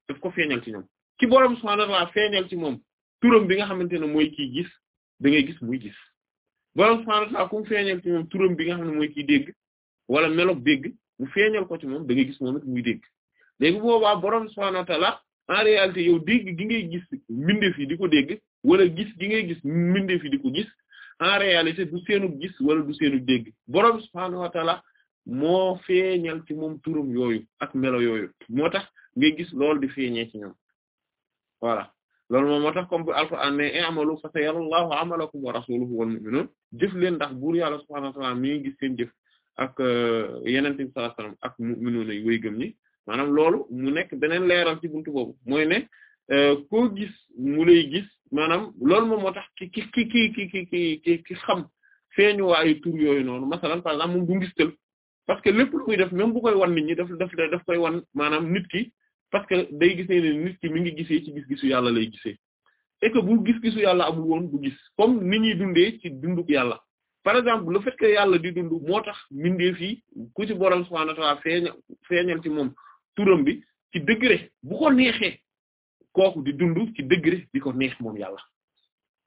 daf ko feeñal ci ñoom ki borom subhaanahu wa ta'aala feeñal moom turam bi nga xamante ne mooy kiy gis da ngay gis muy gis borom subhaanahu wa ta'aala ku moom turam bi nga xam ne mooy kiy dégg wala meloom dégg mu feeñal ko ci moom da gis moom muy dégg léegi boobaa borom subhaanahu en réalité yow dégg gi ngay gis mbindeef yi di ko dégg wala gis gi ngay gis mbindeef yi di ko en réalité du seenu gis wala du seenu dégg boroom subhaanahu wa ta'ala moo feeñal ci moom turam yooyu ak melo yooyu moo tax ngay gis loolu di feeñee ci ñoom voilà loolu moom moo tax comme que alquran ne i'malu fa sayarallahu amalakum wa rasuluhu wal mu'minun jëf leen ndax buur yàlla subhaanahu wa ta'ala mi ngi gis seen ak euh, yenente bi ak mu'minuna yi way gëm maanaam loolu mu nekk beneen leeral ci buntu boobu mooy ne euh, koo gis mu lay gis maanaam loolu moom moo tax ki ki ki ki ki ki ki xam feeñuwaayu tur yooyu noonu masalan par exemple moom du ngistal parce que lépp lu muy def même bu koy wan nit ñi daf daf daf koy wan maanaam nit ki parce que day gisee ne nit ki mi ngi gisee ci gis-gisu yàlla lay gisee et que yàlla amul woon du gis ni ñuy dundee ci dunduk yàlla par exemple le fait que yàlla di dund moo tax mbindeef yi ku ci borom subhaanahu a ta'aala feeñal feeñal ci moom. turam bi ci degré bu ko neexee kooku di dund ci degré di ko neex moom yàlla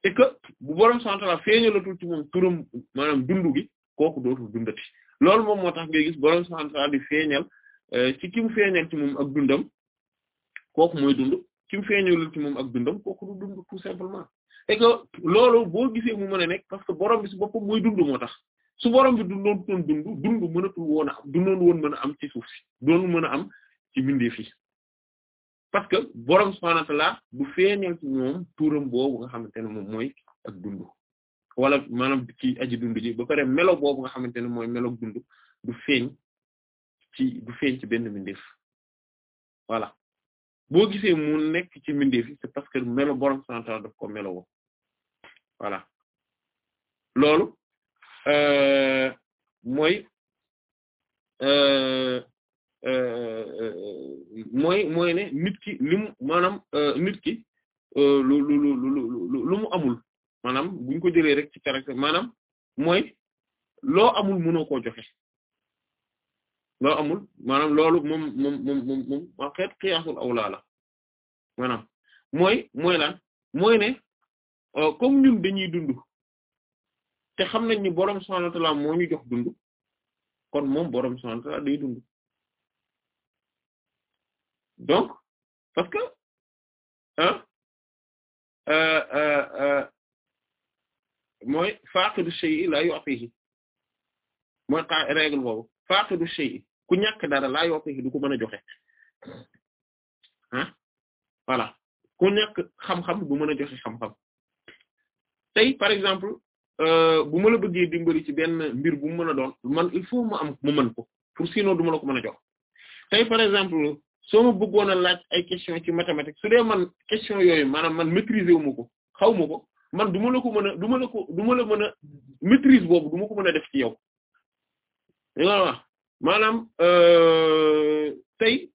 et que bu borom santaala feeñalatul ci moom turam maanaam dund gi kooku dootul dundati loolu moom moo tax ngay gis borom santaala di feeñal euh, ci ki mu feeñal ci moom ak dundam kooku mooy dund ki mu feeñalul ci moom ak dundam kooku du dund tout simplement et que loolu boo gisee mu mën a nekk parce que borom bi si boppam mooy dund moo tax su borom bi dundoon doon dund dund mënatul woon a am mën a am ci suuf si doon mën a am ci bindeef yi parce que borom subhaanahu wa ta'aala du feeñal ci ñoom nga xamante ne ak dund wala maanaam ci aji dund ji ba pare melo nga xamante ne mooy melo dund du ci du feeñ ci benn bindeef voilà boo gisee mu nekk ci bindeef yi parce que melo borom subhaanahu wa ta'aala daf ko melo woo voilà euh, euh, Euh, euh, mooy mooy ne nit ki li mu maanaam euh, nit ki lu lu amul maanaam buñ ko jëlee rek ci caractère maanaam mooy loo amul mënoo koo joxe amul maanaam loolu moom moom moom moom moom xeet xiyaasul awlaa la maanaam mooy mooy lan mooy ne comme ñun dund te xam nañ ni boroom subhaanahu wa ta'aala moo ñu jox dund kon moom boroom subhaanahu wa ta'aala day dund donc parce que ah mooy faaqidu shay'i laa yu'tihi mooy xa règle boobu faaqidu shay'i ku ñàkk dara laa yu'tihi du ko mën a joxe ah voilà ku ñàkk xam-xam du mën a joxe xam-xam tey par exemple bu ma la bëggee dimbali ci benn mbir bu mu mën a doon man il faut mu am mu mën ko pour sinon du ma la ko mën a jox tey par exemple soo ma bëggoon a laaj ay question ci mathématique su dee man question yooyu maanaam man maîtriser wu ma ko xaw ma ko man du ma la ko mën a du ma la ko du ma la mën a maîtrise boobu du ma ko mën a def ci yow li nga wax maanaam euh, tey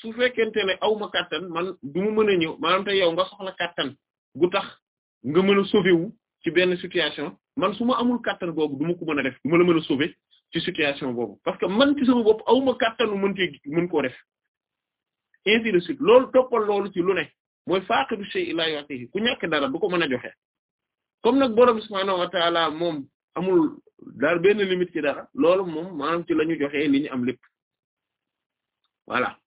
su fekkente ne aw ma man du ma mën a ñëw maanaam tey yow nga soxla kàttan gu tax nga mën a sauver wu ci benn situation man su ma amul kàttan boobu du ma ko mën a def du ma la mën a sauver ci situation boobu parce que man ci sama bopp aw ma mën cee mën koo ainsi de suite loolu toppal loolu ci lu ne mooy faaqidu shay'i la yu'tihi ku ñàkk dara du ko mën joxe comme nag borom subhaanahu wa ta'ala moom amul daal benn limite ci dara loolu moom maanaam ci lañu ñu joxe li ñu am lépp voilà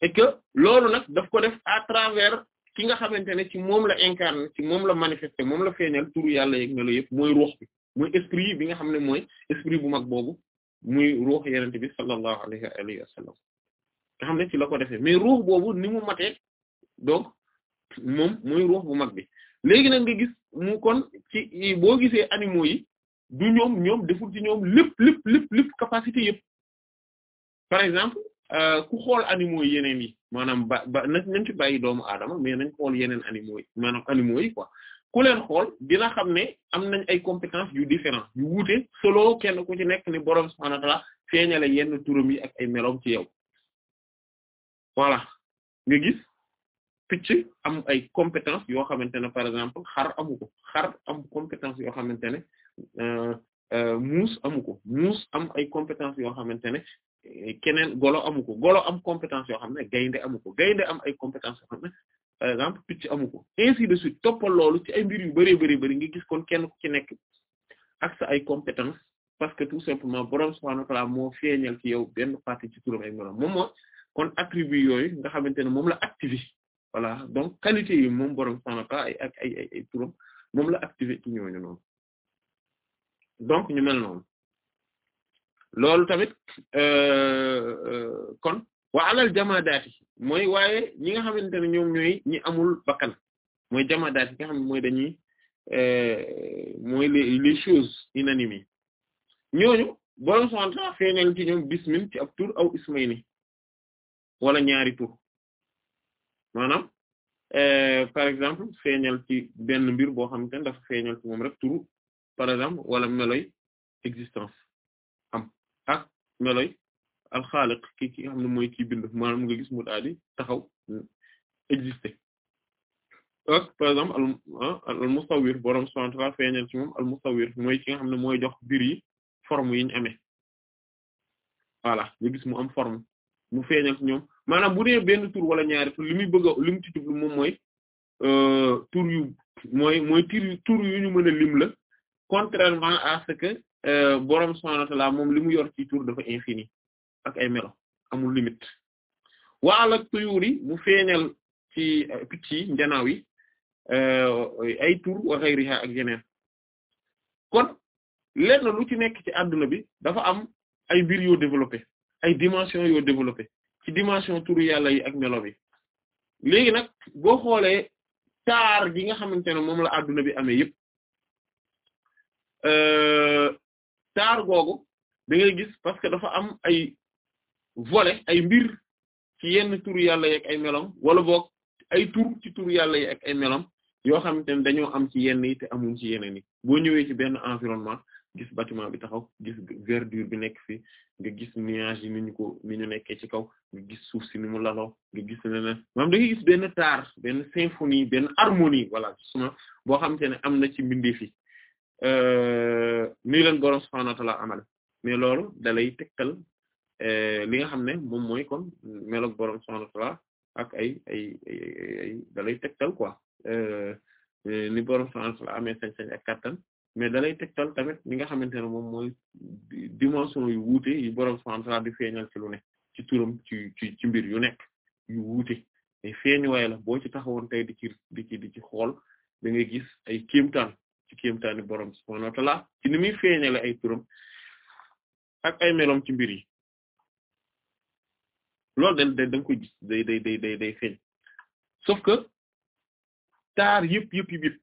et que loolu nag daf ko def à travers ki nga xamante ne ci moom la incarné ci moom la manifesté moom la feeñal turu yàlla yeeg melo yëpp mooy ruux bi mooy esprit bi nga xam ne mooy esprit bu mag boobu muy ruux yenente bi sallallahu alayhi wa alihi nga xam ne ci la ko defee mais ruux boobu ni mu matee donc moom muy ruux bu mag bi léegi nag nga gis mu kon ci boo gisee animaux yi du ñoom ñoom deful ci ñoom lépp lépp lépp lépp capacité yëpp par exemple euh, ku xool animaux yi yeneen yi maanaam ba ba nañ ci bàyyi doomu aadama mais nañ xool yeneen animaux yi maanaam animaux yi quoi ku leen xool dina xam ne am nañ ay compétences yu différent yu wuute solo kenn ku ci nekk ni boroom subhaanahu wa ta'aala feeñale yenn turam yi ak ay meloom ci yow voilà nga picc am ay compétence yoo xamante ne par exemple xar amu ko xar am compétence yoo xamante ne euh, euh, muus amu ko am ay compétence yoo xamante ne eh, keneen golo amu ko golo am compétence yoo xam ne gaynde amu ko gaynde am ay compétence yoo xam ne par exemple picc amu ko ainsi de suite toppal loolu ci ay mbir yu bëree bëri bëri nga gis kon kenn ku ci nekk ay compétence parce que tout simplement borom subhaanahu wa ta'aala moo feeñal ci yow benn partie ci turam moom kon attribut yooyu nga xamante ne moom la activé voilà donc qualité yi moom borom sanata ay ak ay ay ay turam moom la activé ci ñooñu noonu donc ñu mel noonu loolu tamit euh, euh, kon wa alal jamadaati mooy waaye ñi nga xamante ne ñoom ñooy ñi amul bakkan mooy jamadaati nga xam ne mooy dañuy euh, mooy les les choses inanimées ñooñu borom sanata feeñal ci ñoom bismin ci ab tur aw ismayni wala ñaari tur maanaam eh, par exemple feeñal ci benn mbir boo xam ne dafa feeñal ci moom rek turu par exemple wala meloy existence am ak meloy alxaaliq ki ki xam ne mooy kii bind maanaam nga gis mu daal di taxaw mm, exister ak par exemple al ah, al musawwir borom feeñal ci moom al musawwir ki xam ne mooy jox biir yi forme yi ñu amee voilà nga gis mu am forme mu feeñal ñoom maanaam bu dee benn tur wala ñaari tur li muy bëgg a li mu ci jublu moom mooy euh, tour yu mooy mooy tur yu ñu mën a lim la contrairement à ce que euh, borom subhaanahu moom li mu yor ci tur dafa infini ay melo amul limite waal mu feeñal ci picc yi euh, ay tur wa ghayriha ak yeneen kon lenn lu ci nekk ci àdduna bi dafa am ay mbir yoo développé ay dimension yoo développé ci dimension turu yàlla yi ak melo bi léegi nag boo xoolee taar gi nga xamante ne moom la adduna bi amee yëpp euh, taar googu da ngay gis parce que dafa am ay volet ay mbir ci yenn turu yàlla yi ak ay melom wala boog ay tur ci turu yàlla yi ak ay melom yoo xamante ne dañoo am ci yenn yi te amuñ ci yeneen yi boo ñëwee ci benn environnement gis bâtiment bi taxaw gis verdure bi nekk fi nga gis nuages yi ni ko ni nekk ci kaw nga gis suuf si ni mu laloo nga gis leneen maanaam da ngay gis benn taar benn symphonie benn harmonie wala suma boo xamante ne am na ci mbindeef fi euh, nii leen boroom amal mais loolu da lay euh, li nga xam ne moom mooy kon meloog boroom subhaanahu wa ta'aala ak ay ay ay ay da lay tegtal quoi euh, ni boroom subhaanahu wa ta'aala amee sañ ak kattan mais dalay tegtal tamit li nga xamante ne moom mooy dimension yu wuute yi borom subhaanahu wa di feeñal ci lu ci turam ci mbir yu nekk yu wuute ay feeñuwaay la boo ci taxawoon tey di ci di ci di ci xool da ngay gis ay kéemtaan ci kéemtaani borom subhaanahu wa ta'aala ci ni muy feeñale ay turam ak ay meloom ci mbir yi loolu dañ da nga koy day day day day feeñ sauf que taar yëpp yëpp yëpp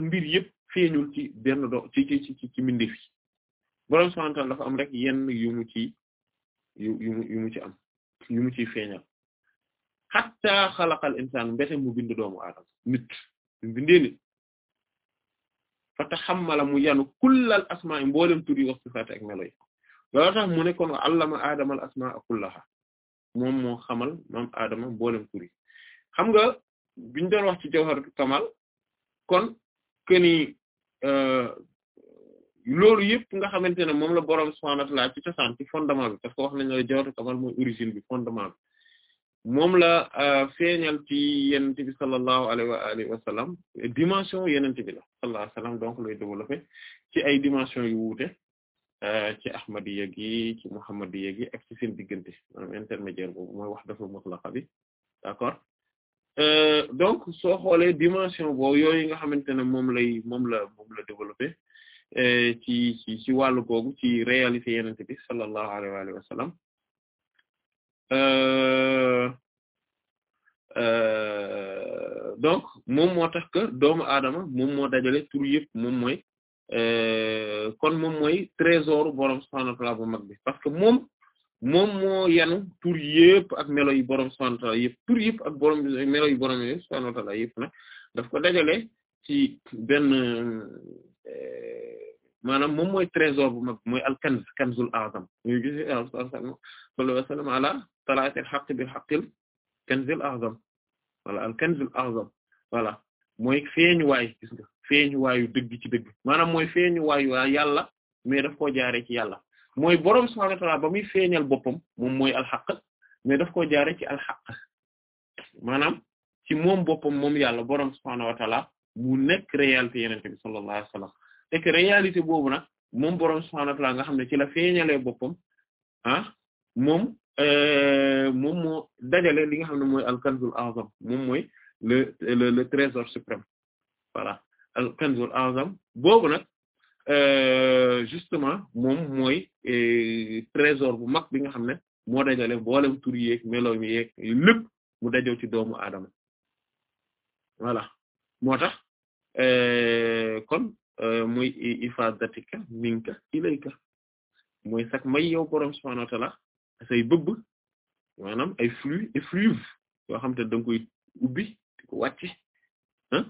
mbir yëpp. feeñul ci benn do ci ci ci ci mbindeef yi borom subhaanahu am rek yenn yu mu ci yu yu mu ci am yu mu ciy feeñal xatta xalaqal insaan mbete mu bind doomu aadama nit mu bindee nit fa taxammala mu yanu kullal asmaa mboolem tur yi wax sifaat ak melo tax mu ne kon allama aadama al asmaa kullaha moom moo xamal moom aadama mboolem tur xam nga biñ doon wax ci jawhar kamal kon que Euh, loolu yëpp nga xamante ne moom la borom subhaanahu wa ta'aala ci cosaan ci fondement bi parce que wax nañu la jawharatul kamal mooy origine bi fondement bi moom la euh, feeñal ci yenente bi sallallahu alayhi wa dimension yenente bi la sallallahu alayhi donc lay développé ci ay dimension yu wuute euh, ci ahmadiyya gi ci muhammadiyya gi ak ci seen diggante maanaam intermédiaire boobu mooy wahdatul mutlaqa bi d'accord Euh, donc soo xoolee dimension boobu yooyu nga xamante ne moom lay moom la moom la développé euh, ci ci ci wàllu googu ci réalité yenente bi sallallahu alayhi wa sallam euh, donc moom moo tax que doomu aadama moom moo dajale tur yëpp moom mooy kon moom mooy trésor borom subhaanahu wa ta'aala bu mag bi parce que moom moom moo yanu tur yëpp ak melo yi borom subhaanahu wa yëpp tur yëpp ak borom melo yi borom subhaanahu wa ta'aala yëpp nag daf ko dajale ci benn euh, maanaam moom mooy trésor bu mag mooy al kanz kanzul azam ñu gis sallallahu alayhi wa sallam ala talaatil haqq bil wala al kanzul azam voilà mooy feeñu waay gis nga feeñu dëgg ci dëgg maanaam mooy feeñu waayu waa yàlla mais daf koo jaaree ci yàlla mooy boroom subhaanahu wa ta'aala ba muy feeñal boppam moom mooy alxaq mais daf ko jaare ci alxaq maanaam ci moom boppam moom yàlla boroom subhaanahu wa mu nekk réalité yenente bi sallallahu alayhi wa sallam réalité boobu nag moom boroom subhaanahu wa ta'aala nga xam ne ci la feeñalee boppam ah moom euh, moom moo dajale li nga xam ne mooy al-kanzul azam moom mooy le le le trésor suprême voilà al-kanzul azam boobu Euh, justement moom mooy eh, trésor bu mag bi nga xam ne moo dajale mboolem tur yeeg melo yeeg lépp mu dajoo ci doomu aadama voilà moo tax euh, kon euh, muy ifadatika minka ilayka mooy sax may yow borom subhanahu wa ta'ala say bëbb maanaam ay flux effluve yoo xam te da nga koy ubbi di ko wàcc ah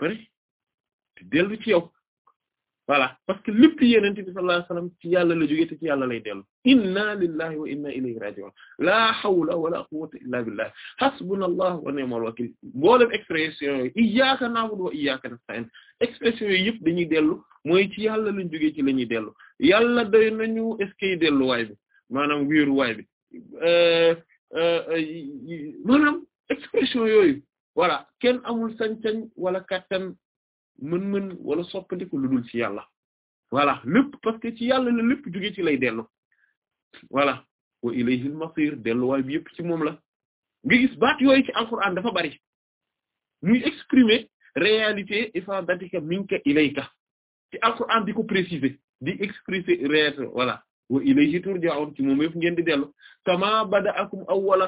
pare dellu ci yow voilà parce que lépp yenente bi sallallahu yàlla la jóge te ci yàlla lay dellu inna lillahi wa inna ilayhi raji'un laa hawla wala quwwata illa billah hasbunallahu wa ni'mal wakil mboolem expression yooyu iyyaka na'budu wa iyyaka nasta'in expression yooyu yëpp dañuy dellu mooy ci yàlla la jógee ci la ñuy dellu yàlla doy nañu est dellu waay bi maanaam wéeru waay bi euh, euh, euh, maanaam expression yooyu voilà kenn amul sañ-sañ wala kattan mën-mën wala soppandiku lu dul ci yàlla voilà lépp parce ci yàlla la lépp jóge ci lay dellu voilà wa ilayhil masir delluwaay bi yëpp ci moom la nga gis baat yooyu ci alxuraan dafa bari muy exprimer réalité ifadatika minka ilayka ci alxuraan di ko préciser di exprimer réalité voilà wa ilayhi turja'un ci moom yëpp ngeen di dellu kama bada'akum awwala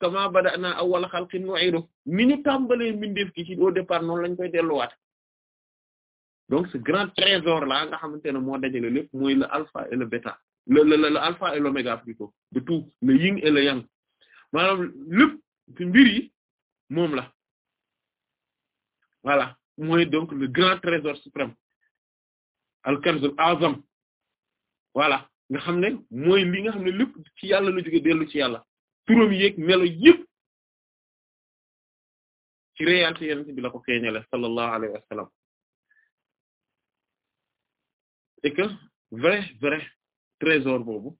kama na awwala xalqin nu'idu ni ñu tàmbalee mbindeef gi ci au départ noonu lañ koy delluwaat donc ce grand trésor là nga xamante ne moo dajale lépp mooy le alpha et le bêta le alpha et l'oméga plutôt de tout le yin et yang maanaam lépp ci mbir yi la voilà mooy donc le grand trésor suprême al kanzul azam voilà nga xam ne mooy li nga xam ne lépp ci yàlla la jóge dellu ci yàlla turam yeeg melo yëpp ci réalité yenent bi la ko feeñale sallallahu alayhi wa sallam et vrai vrai trésor boobu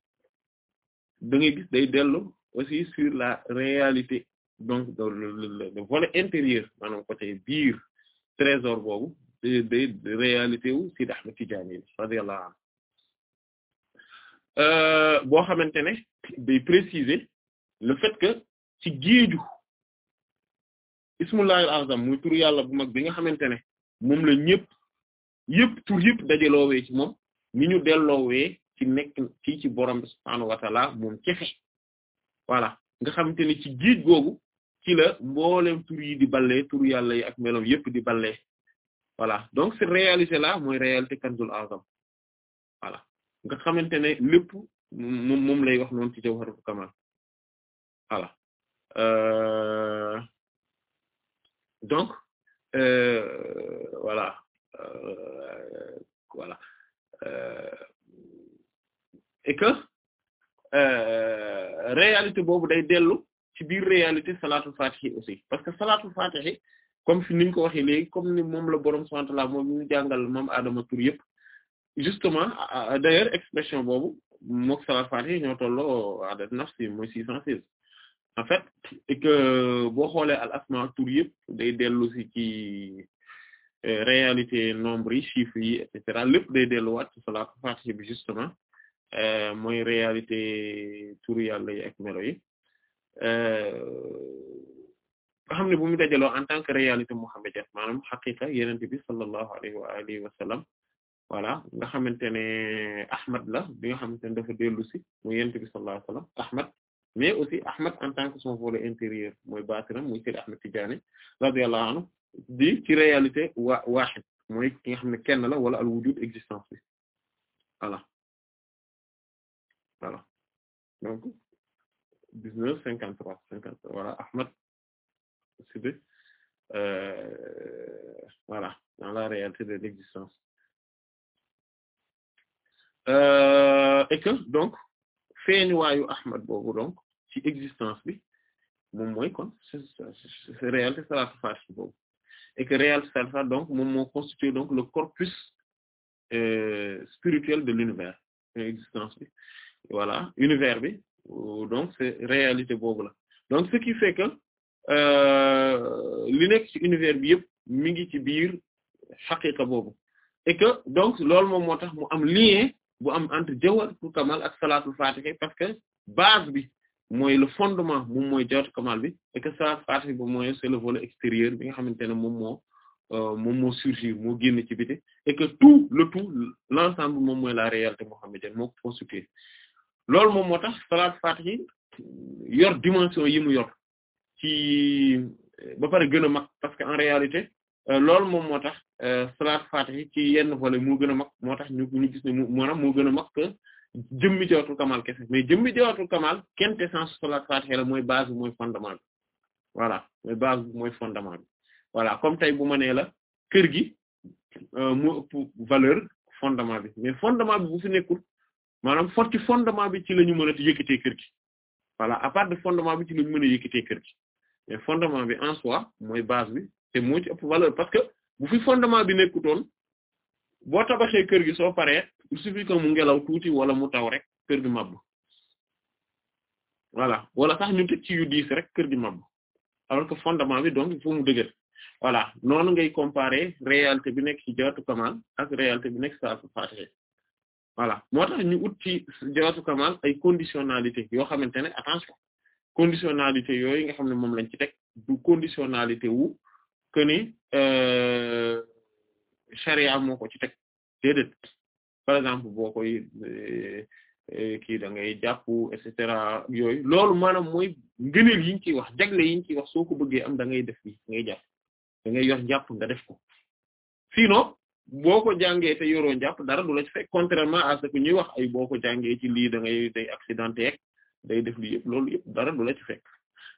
da ngay gis day dellu aussi sur la réalité donc dans le, volet intérieur maanaam côté biir trésor boobu day réalité wu Sidi Ahmed Tidiane radiyallahu anhu euh boo xamante ne day préciser le fait que ci géeju ismullahil azam muy turu yàlla bu mag bi nga xamante ne moom la ñëpp yëpp tur yëpp dajeloowee ci moom ni ñu delloowee ci nekk ci ci borom bi subhaanahu wa taala moom nga xamante ni ci géej googu ci la mboolem tur yi di ballee tur yàlla yi ak meloom yëpp di balle voilà donc cette réalité là mooy réalité kanzul nga xamante ne lépp moom lay wax noonu ci jawharul kamal voilà euh, donc euh, voilà Euh, voilà euh, et que euh, réalité boobu day dellu ci biir réalité salaatul faatihi aussi parce que salaatul faatihi comme fi niñ ko waxee léegi comme ni moom la borom subhanahu wa ta'ala moom ñu jàngal moom Adama tur yëpp justement d'ailleurs expression boobu mook salaatul faatihi ñoo tolloo adat nafsi mooy six cent en fait et que boo xoolee al asma tur yëpp day dellu si ci réalité nombre yi chiffres yi et cetera lépp day delluwaat ci salaatu faatiha bi justement euh, mooy réalité turu yàlla yi ak melo yi euh, xam ne bu mu en tant que réalité muhammadienne maanaam xaqiqa yenente bi sallallahu alayhi wa alihi wa sallam voilà nga xamante ne Ahmad la bi nga xamante ne dafa dellu si muy yenente bi Ahmad mais aussi Ahmad en tant que son volet intérieur mooy baatinam muy Seydi Ahmad Tidjânî radiyallahu anhu di ci réalité wa wahid mooy ki nga xam ne kenn la wala al wujud existence bi voilà voilà donc dix cinquante-trois cinquante-trois voilà Ahmad Sidé euh, voilà dans la réalité de l'existence euh, et que donc Ahmad boobu donc ci existence bi moom mooy kon c'est réalité salatu fatihi boobu et que réel salsa donc moom moo constitué donc le corpus euh, spirituel de l'univers existence bi voilà univers bi euh, donc c'est réalité boobu la donc ce qui fait que euh, li nekk univers bi yëpp mi ngi ci biir xaqiqa boobu et que donc loolu moom moo tax mu am lien bu am entre jawharatul kamal ak salatul fatiha parce que base bi mooy le fondement moom mooy jawatu kamal bi et que ça partie bi mooy c'est le volet extérieur bi nga xamante ne moom moo euh, mo moo surgir moo génn ci biti et que le tout l'ensemble moom mooy la réalité mohammedienne moo ko constitué loolu moom moo tax salaat fatih yor dimension yi mu yor ci ba pare gën a mag parce que en réalité euh, loolu moom moo tax euh, salaat fatih ci yenn volet moo gën a mag moo tax ñu ñu ne maanaam moo gën a mag que jëmmi jawhatul kamal kese mais jëmmi jawhatul kamal quintessence salat fatiha la mooy base bi mooy fondement bi voilà mooy base bi mooy fondement bi voilà comme tey bu ma la kër gi euh, mu ëpp valeur fondement bi mais fondement bi bu fi nekkul maanaam fort fondement bi ci la ñu mën a yëkkatee kër gi voilà à de fondement bi ci la ñu mën kër gi mais fondement bi en soi mooy base bi te moo ci ëpp valeur parce que bu fi fondement bi nekkutoon boo tabaxee kër gi soo il suffit que mu ngelaw tuuti wala mu taw rek kër gi mabbu voilà wala sax ñu teg ci yu diis rek kër gi mabbu alors que fondement bi donc il mu dëgër voilà noonu ngay comparer réalité bi nekk ci jawatu kamal ak réalité bi nekk sa fatiha voilà moo tax ñu ut ci jawatu kamal ay conditionnalité yoo xamante ne attention conditionnalité yooyu nga xam ne moom lañ ci teg du conditionnalité wu que ni charia euh, moo ko ci teg par exemple boo koy eh, eh, kii da ngay jàpp et cetera yooyu loolu maanaam mooy ngëneel yiñ ciy wax jagle yiñ ciy wax soo ko bëggee am da ngay def bi ngay jàpp da ngay yor jàpp nga def ko sinon boo ko jàngee te yoroo jàpp dara du la ci fekk contrairement à ce que ñuy wax ay boo ko jàngee ci lii da ngay day accidenté day def lii yëpp loolu yëpp dara du la ci fekk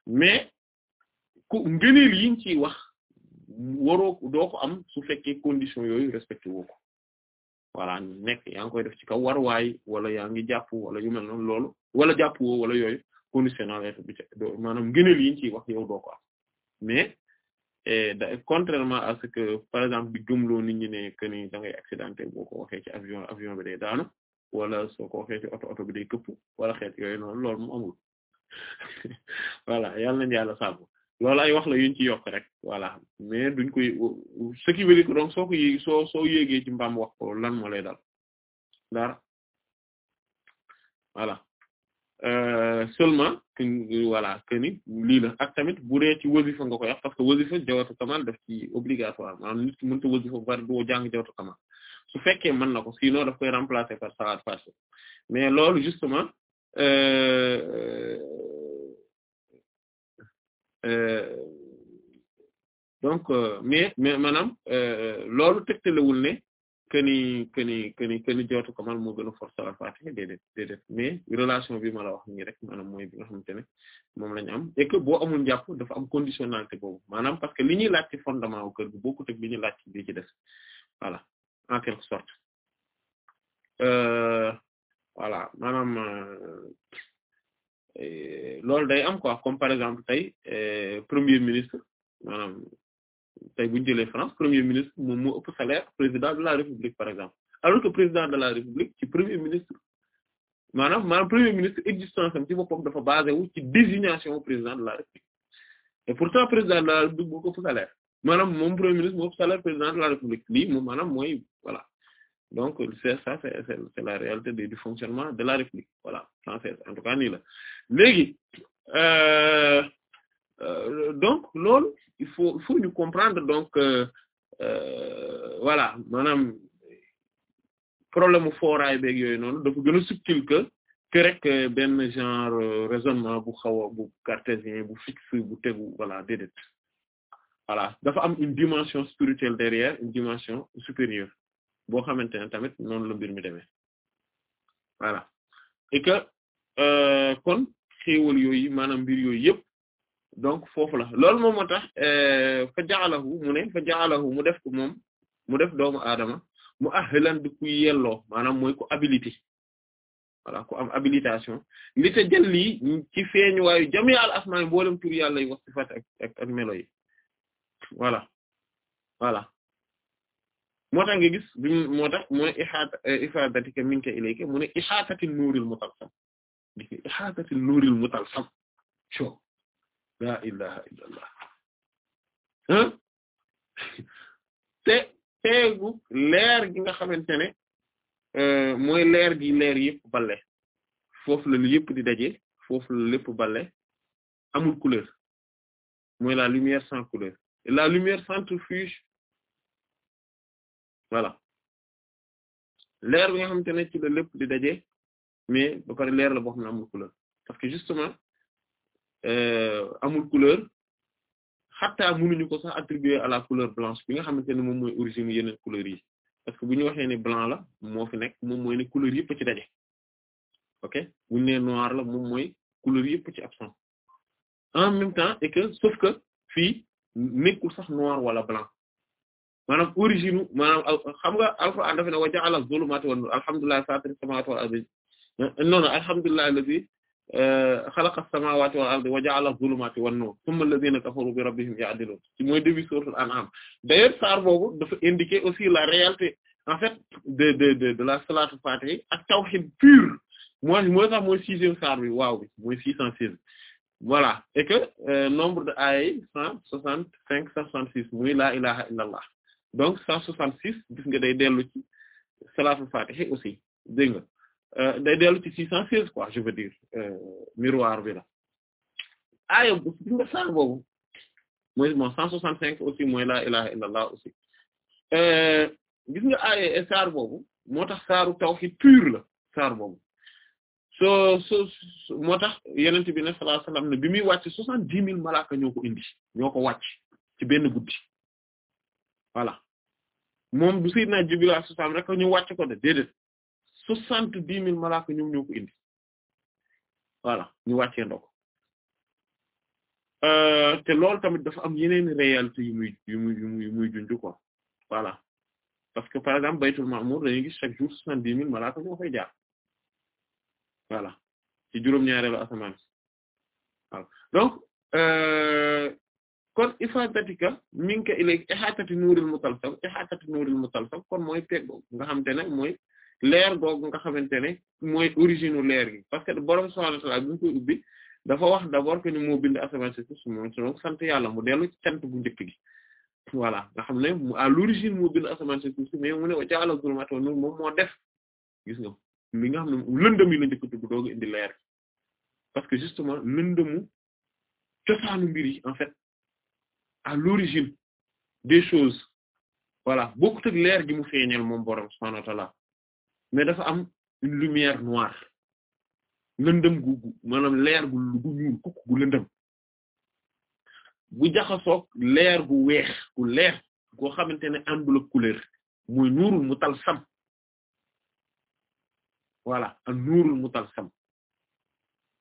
mais ku ngëneel yiñ ci wax waroo doo ko am su fekkee condition yooyu respecté woo voilà nekk yaa ngi koy def ci kaw waruwaay wala yaa ngi jàpp wala yu mel noonu loolu wala jàpp woo wala yooyu conditionnalité bi ca maanaam ngëneel yi ciy wax yow doo mais e contrairement à ce que par exemple di gëmloo nit ñi ne que ni da ngay accidenté boo ko waxee ci avion avion bi day daanu wala soo ko waxee ci oto oto bi day këpp wala xeet yooyu noonu loolu mu amul voilà yàlla nañu yàlla saabu loolu ay wax la yuñ ci yokk rek voilà mais duñ koy ce qui veut dire que donc soo ko yéeg ci mbaam wax ko lan moo lay dal dara voilà euh, seulement que voilà que ni lii la ak tamit bu dee ci wasifa nga koy wax parce que wasifa jawatu kamal daf ci obligatoire maanaam nit ki mënut a wasifa ba pare doo jàng jawatu kamal su fekkee mën na ko sinon daf koy remplacer par salaat farce mais lool justement euh Euh, donc euh, mais mais maanaam euh, loolu tegtalewul ne que ni que ni que ni que ni jootu ko man moo gën a force la Fatiha déedéet déedéet mais relation bi ma la wax nii rek maanaam mooy bi nga xamante ne moom la ñu am et que boo amul jàpp dafa am conditionnalité boobu maanaam parce que li ñuy laaj ci fondement wu kër gi bokkut ak laaj ci bi ci des voilà en quelque sorte voilà maanaam. Eh, loolu day am quoi comme par exemple tey eh, premier ministre maanaam tey bu ñu jëlee France premier ministre moom mu ëpp salaire président de la république par exemple alors que président de la république ci premier ministre maanaam maanaam premier ministre existence ci boppam dafa basé wu ci désignation président de la république et pourtant président de la république moo ëpp salaire maanaam moom premier ministre moo ëpp salaire président de la république lii moom maanaam voilà donc c'est ça c'est la réalité du fonctionnement de la République voilà française en tout cas nii la léegi euh, euh, donc loolu il faut il faut ñu comprendre donc euh, voilà maanaam problème mu fooraay beeg yooyu noonu dafa gën a que que rek benn genre raisonnement bu xaw a bu cartésien bu fixe bu tegu voilà déedéet voilà dafa am une dimension spirituelle derrière une dimension supérieure boo xamante ne tamit noonu la mbir mi demee voilà et euh, kon xéewal yooyu maanaam mbir yooyu yëpp donc foofu la loolu moom moo tax euh, fa ja'alahu mu ne fa ja'alahu mu def ko moom mu def doomu aadama mu ahlan di ku yelloo maanaam mooy ku am habilitation li ta jël lii ci feeñu waayu jami al asmaa yi mboolem tur yàlla yi ak ak ak melo yi moo tax nga gis bi moo tax mu ne ihaata eh, ifadatika minka ilayka mu ne ihaatatil nuuril mutalsam diki ihaatatil nuuril mutalsam co la ilaha illa allah te teegu leer gi nga xamante ne eh, mooy leer gi leer yëpp balle foofu la yëpp di daje foofu la lépp balle amul couleur mooy la lumière sans couleur la lumière centrifuge voilà leer bi nga xamante ne ci la lépp di daje mais ba pare leer la boo na ne amul couleur parce que justement euh, amul couleur xataa mënuñu ko sax attribuer à la couleur blanche bi nga xamante ne moom mooy origine yeneen couleurs yi parce que bu ñu waxee ne blanc la moo fi moom mooy ne couleur yëpp ci daje ok bu ñu noir la moom mooy couleur yëpp ci absent en même temps et sauf que fii nekkul sax noir wala blanc maanaam origine maanaam xam nga alquran dafa ne wa ja'ala az-zulumati wan nur alhamdulillahi fatir samawati wal ardi eh, noonu alhamdulillahi alladhi eh, xalaqa as-samawati wal ardi bi rabbihim ya'dilun ci mooy début sourate al-an'am saar boobu dafa aussi la réalité en fait de de de de la salatu fatih ak tawhid pur mooy mooy sax mooy sixième saar bi waaw bi six cent six voilà et que eh, nombre de ay cent soixante cinq cent soixante six muy la ilaha illallah donc cent soixante six gis nga day dellu ci salaatul fatihi aussi dégg euh, day dellu ci six cent seize quoi je dire euh, miroir bi la aaya gis nga saar boobu mooy moom cent soixante cinq aussi mooy ilaha aussi euh, gis nga aaya saar boobu moo tax saaru tawhid pur la saar boobu soo soo moo tax yenent bi ne sallallahu alayhi wasallam ne bi muy wàcc soixante dix mille malaaka ñoo ko indi ñoo ko ci benn guddi voilà moom du Seydina Jibril alayhi salaam rek ñu wàcc ko de déedéet soixante dix mille malaaka ñoom ñoo ko indi voilà ñu wàccee ndox euh, te loolu tamit dafa am yeneen réalité yu muy yu muy yu muy voilà parce que par exemple Baytul Ma'mur dañuy gis chaque jour soixante dix mille malaaka ñoo fay jaar voilà ci juróom-ñaareelu asamaan voilà donc. Euh, kon ifadatika minka ilayk ihatati nuuril mutalsam ihatati nuuril mutalsam kon mooy peggo nga xamante ne mooy leer googu nga xamante ne mooy origine u leer gi parce que borom subhaanahu wa ta'aala bi koy ubbi dafa wax d'abord que ni moo bind asamaan si suuf yàlla mu dellu ci cant bu gi voilà nga xam ne mu à l'origine si suuf mais mu ne wa ja'ala dhulumati wan-nuur moom moo def gis nga li nga xam ne lëndëm yi la njëkk dugg indi leer parce que justement lëndëmu cosaanu mbir en fait à l'origine des choses voilà bokkut leer gi mu feeñal borom subhaanahu wa ta'ala mais dafa am une lumière noire lëndëm gu gu maanaam leer gu gu ñuul kukk gu lëndëm bu jaxasoog leer gu weex gu leer goo xamante ne àndul ak couleur mooy nuurul mutalsam voilà ak nuurul mutalsam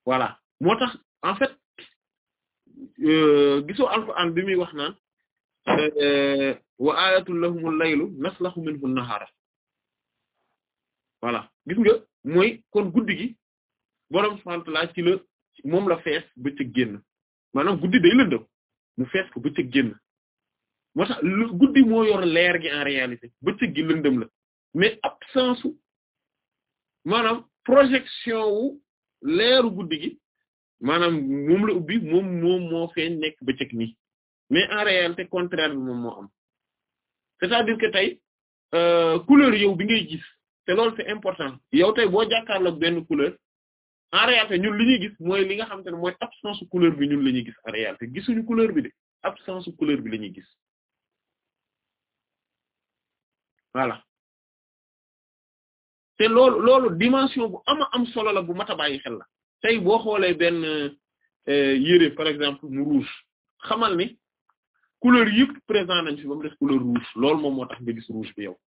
voilà moo tax en fait Euh, gisoo alxuraan bi muy wax naan euh, wa ayatul lahumul laylu naslahu minhu nahaara voilà gis nga mooy kon guddi gi boroom sant laa ci la moom la fees bëccëg génn maanaam guddi day lëndëm mu fees ko bëccëg génn moo tax guddi moo yor leer gi en réalité bëccëg gi lëndëm la mais absence u maanaam projection wu leeru guddi gi maanaam moom la ubbi moom moom moo feeñ nekk bëccëg nii mais en réalité contraire bi moom moo am c'est-à-dire que tey euh, couleur yow bi ngay gis important yow tey boo jàkkaarloog benn couleur en réalité ñun li ñuy gis mooy li nga xamante ne mooy absence couleur bi ñun la ñuy gis en réalité gisuñu couleur bi de absence couleur bi la ñuy gis voilà te loolu loolu dimension bu ama am solo la bu mat a xel la tey boo xoolee benn euh, yére par exemple mu rouge xamal ni couleur yëpp présent nañ fi ba mu def couleur rouge loolu moom moo tax nga rouge bi yow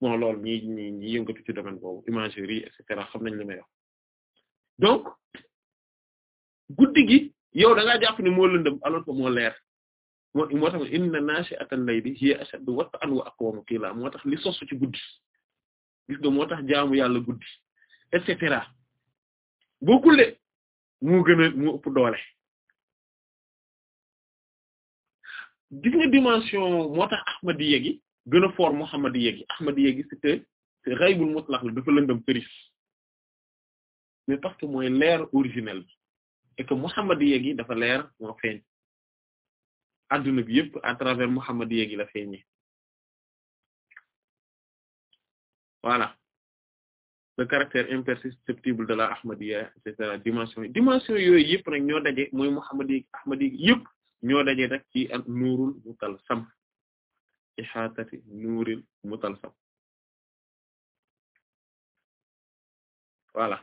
bon loolu ñi ñi ñi yëngatu ci domaine boobu imagerie et cetera nañ li may wax donc guddi gi yow da ngaa jàpp ne moo leer moo moo tax inna nashi'atal layli hiya ashaddu wat'an wa li sosu ci guddi gis nga moo tax jaamu yàlla guddi et cetera bokkul de moo gën mu moo ëpp doole gis nga dimension moo tax ahmadiyya gi gën a fort muhammadiyya gi ahmadiyya gi c'était c'est ghaybul mutlaq dafa lëndëm këris mais parce mooy leer originel bi et que muhammadiyya dafa leer moo feeñ adduna bi yëpp à travers muhammadiyya gi la feeñee voilà le caractère imperceptible de la Ahmadiyya et cetera dimension dimension yooyu yëpp nag ñoo daje mooy Muhammadi Ahmadi yëpp ñoo daje rek ci ak nuurul mutalsam ihatati nuuril mutalsam voilà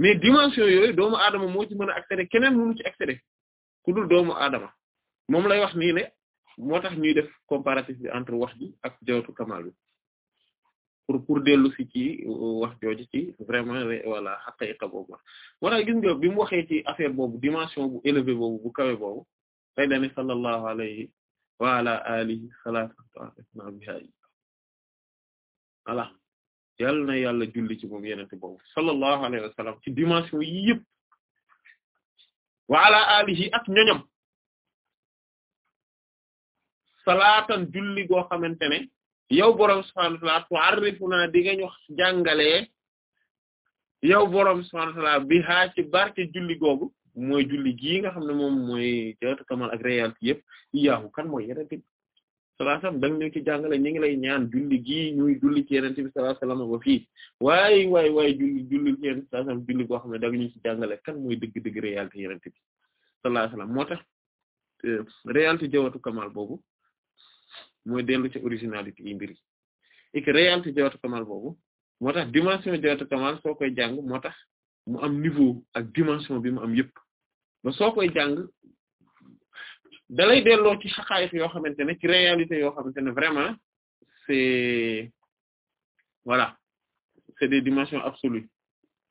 mais dimension yooyu doomu aadama moo ci mën a accéder keneen mënu ci accéder ku dul doomu aadama moom lay wax nii ne moo tax ñuy def comparatif bi entre wax ji ak jawatu kamal pour pour dellu si ci euh, wax jooju ci vraiment euh, voilà xaqiqa boobu wala gis nga bi mu ci affaire boobu dimension bu élevée boobu bu kawe boobu day dane sallallahu alayhi wa ala alihi salatuwasna bihayi voilà yàlla na yàlla julli ci moom yenente boobu sallallahu alayhi wa sallam ci dimension yi yëpp wa ala alihi salaatan julli goo xamante ne yow borom subhaanahu wa ta'aala tu'arrifuna di nga ñu jàngalee yow borom subhaanahu wa ta'aala bi ha ci barke julli googu mooy julli nga xam ne moom mooy jota kamal ak réalité yëpp iyaahu kan mooy yenente bi sallallahu alayhi wasallam da nga ñu ci jàngale ñu ngi lay ñaan julli gii ñuy julli ci yenente bi sallallahu alayhi xam ne da jàngale kan mooy dëgg-dëgg réalité yenente bi sallallahu alayhi wasallam moo euh, réalité jawatu kamal boobu mooy dellu ci originalité yi mbir yi et que réalité jawatu kamal boobu moo tax dimension jawatu kamal soo koy jàng moo tax mu am niveau ak dimension bi mu am yëpp ba soo koy jàng dalay delloo ci xaqaayiq yoo xamante ne ci réalité yoo xamante ne vraiment c'est voilà c'est des dimensions absolues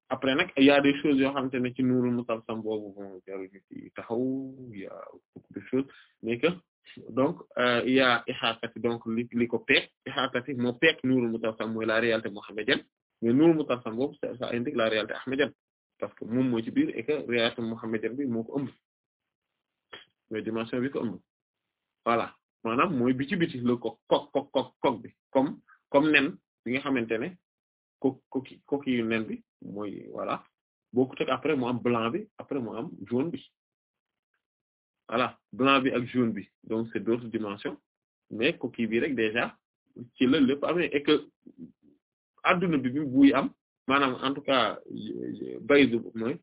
après nag y a des choses yoo xamante ne ci nuurul mutalsam boobu bon jaru ci taxaw y a beaucoup donc Euh, ya ihaatati donc li li ko peek ihaatati moo peek nuurul mutasam mooy la réalité mohammedienne mais nuurul mutasam boobu ça indique la réalité ahmedienne parce que moom moo ci biir et que réalité bi moo ko ëmb mooy dimension bi ko ëmb voilà maanaam mooy bi ci biti la ko kok kok kok kok bi nen bi nga xamante ne ko koki nen bi mooy voilà bokkut ak après mu am blanc bi après mu am jaune bi voilà blanc bi ak jaune bi donc c'est d'autres dimensions mais coquille bi rek déjà ci la lépp amee et que adduna bi bi buy am maanaam en tout cas baydu mooy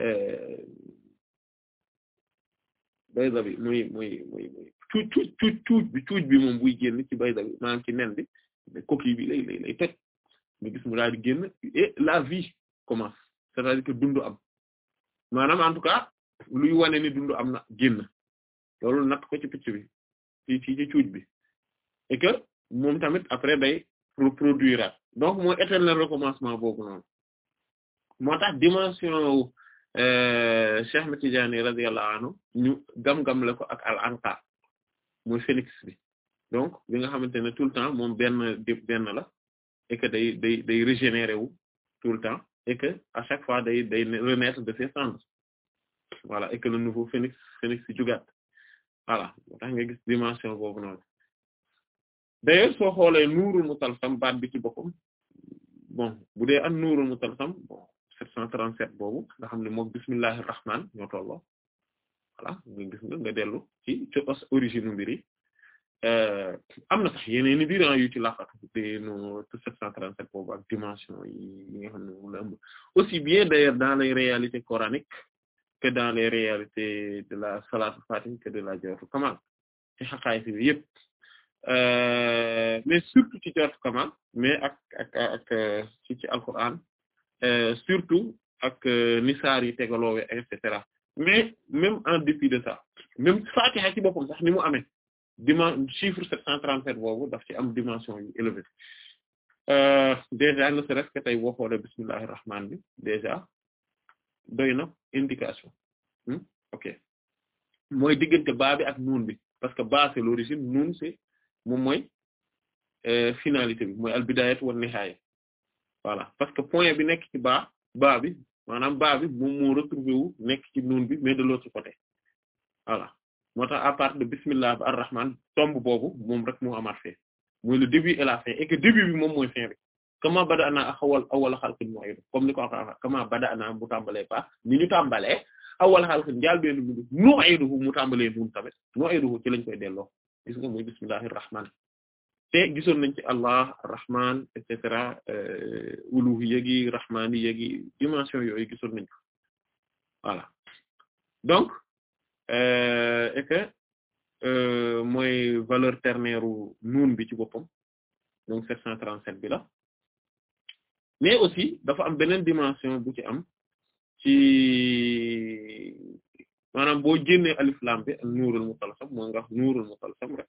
euh, bi muy muy muy cuuc cuuc cuuc bi cuuc buy génn ci bayda bi maanaam ci nen bi coquille bi lay lay lay toj gis mu daal di génn la vie commence c'est-à-dire que dund am maanaam en tout cas luy wane ni dund am na génn loolu natt ko ci picc bi ci ci ci cuuj bi et moom tamit après day produire donc mooy éternel recommencement boobu noonu moo tax dimension euh, Cheikh Ahmed Tidiane radiyallahu anhu ñu gam-gam la ko ak al anqa mooy phénix bi donc bi nga xamante ne tout le temps moom benn benn la et que day day day régénérer wu tout le temps et que à chaque fois day day renaître de ses cendres voilà et que le nouveau phénix phénix si jugaat voilà moo tax nga gis dimension boobu noonu d'ailleurs soo xoolee nuurul mutalsam baat bi ci boppam bon bu dee an nuurul mutalsam bon 737 boobu nga xam ne moom bismillahir rahman ñoo tolloo voilà nga gis nga nga dellu ci ci os origine u mbiri euh, am na sax yeneen i biir ah yu ci laqatu te no 737 boobu ak dimension nga xam ne moom la ëmb aussi bien d'ailleurs dans les réalités coraniques que dans les réalités de la salatu fatih que de la jawatu kamal ci xaqaay si bi yëpp euh, mais surtout ci jawatu kamal mais ak ak ak ci ci alquran euh, surtout ak euh, nisaar yi tegaloowe et cetera mais même en dépit de ça même fatiha ci boppam sax ni mu amee dimen chiffre sept cent trente-sept boobu daf ci am dimension yu élevée déjà ne serait-ce que tey boo xoolee bismillahir rahman déjà doy na indication hmm? ok mooy diggante baa ak nuun bi parce que baa c'est l'origine nuun c'est moom mooy euh, finalité bi mooy al bidayatu wan nihaaya parce que point bi nekk ci baa baa bi maanaam baa bi moom nekk ci nuun bi mais de l'autre côté voilà moo tax à part de bismillah ba tomb boobu mom rek moo amaat fee mooy le début et la fin et début bi moom mooy fin bi kama bada ana axawal awal xalqin mu'idu comme ni ko wax kama bada ana bu tàmbalee baax ni ñu tàmbalee awal xalqin jaal benn bindu nu'iduhu mu tàmbalee nun tamit nu'iduhu ci lañ koy delloo gis nga muy bismillahir rahman te gisoon nañ ci allah rahman et cetera euh, uluhiyya gi rahmaniyya gi dimension yooyu gisoon nañ ko donc euh, et que euh, mooy valeur ternaire u nuun bi ci boppam donc 737 bi la mais aussi dafa am beneen dimension bu ci am ci maanaam boo génnee alif lam bi ak nuurul mutalsam mooy nga wax nuurul mutalsam rek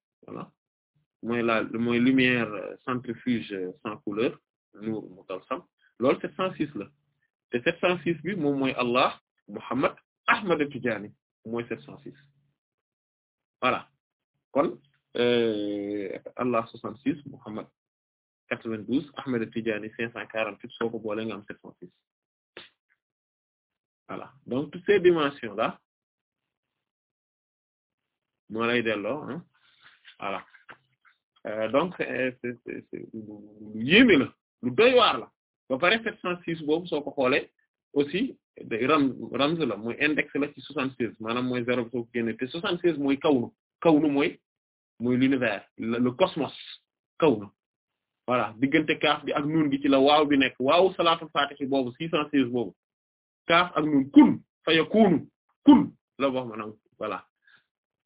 mooy la mooy lumière centrifuge sans couleur nuurul mutalsam loolu 706 la te 706 bi moom mooy Allah Muhammad Ahmad Tidiane mooy 706 voilà kon euh, Allah 66 Muhammad 92 Ahmed Tidjani 548 soo ko boole nga am 706 voilà donc toutes ces dimensions là moo lay delloo hein euh, donc c'est lu yéeme la lu doy waar la ba pare 706 boobu soo ko xoolee aussi day ram la mooy index la ci 76 maanaam mooy zéro soo ko génne te 76 mooy kawnu kawnu mooy mooy l'univers le cosmos kawnu voilà diggante kaaf bi ak nuun gi ci la waaw bi nekk waaw salaatul faatihi boobu 616 boobu kaaf ak nuun kun faya kuunu kun la wax maanaam voilà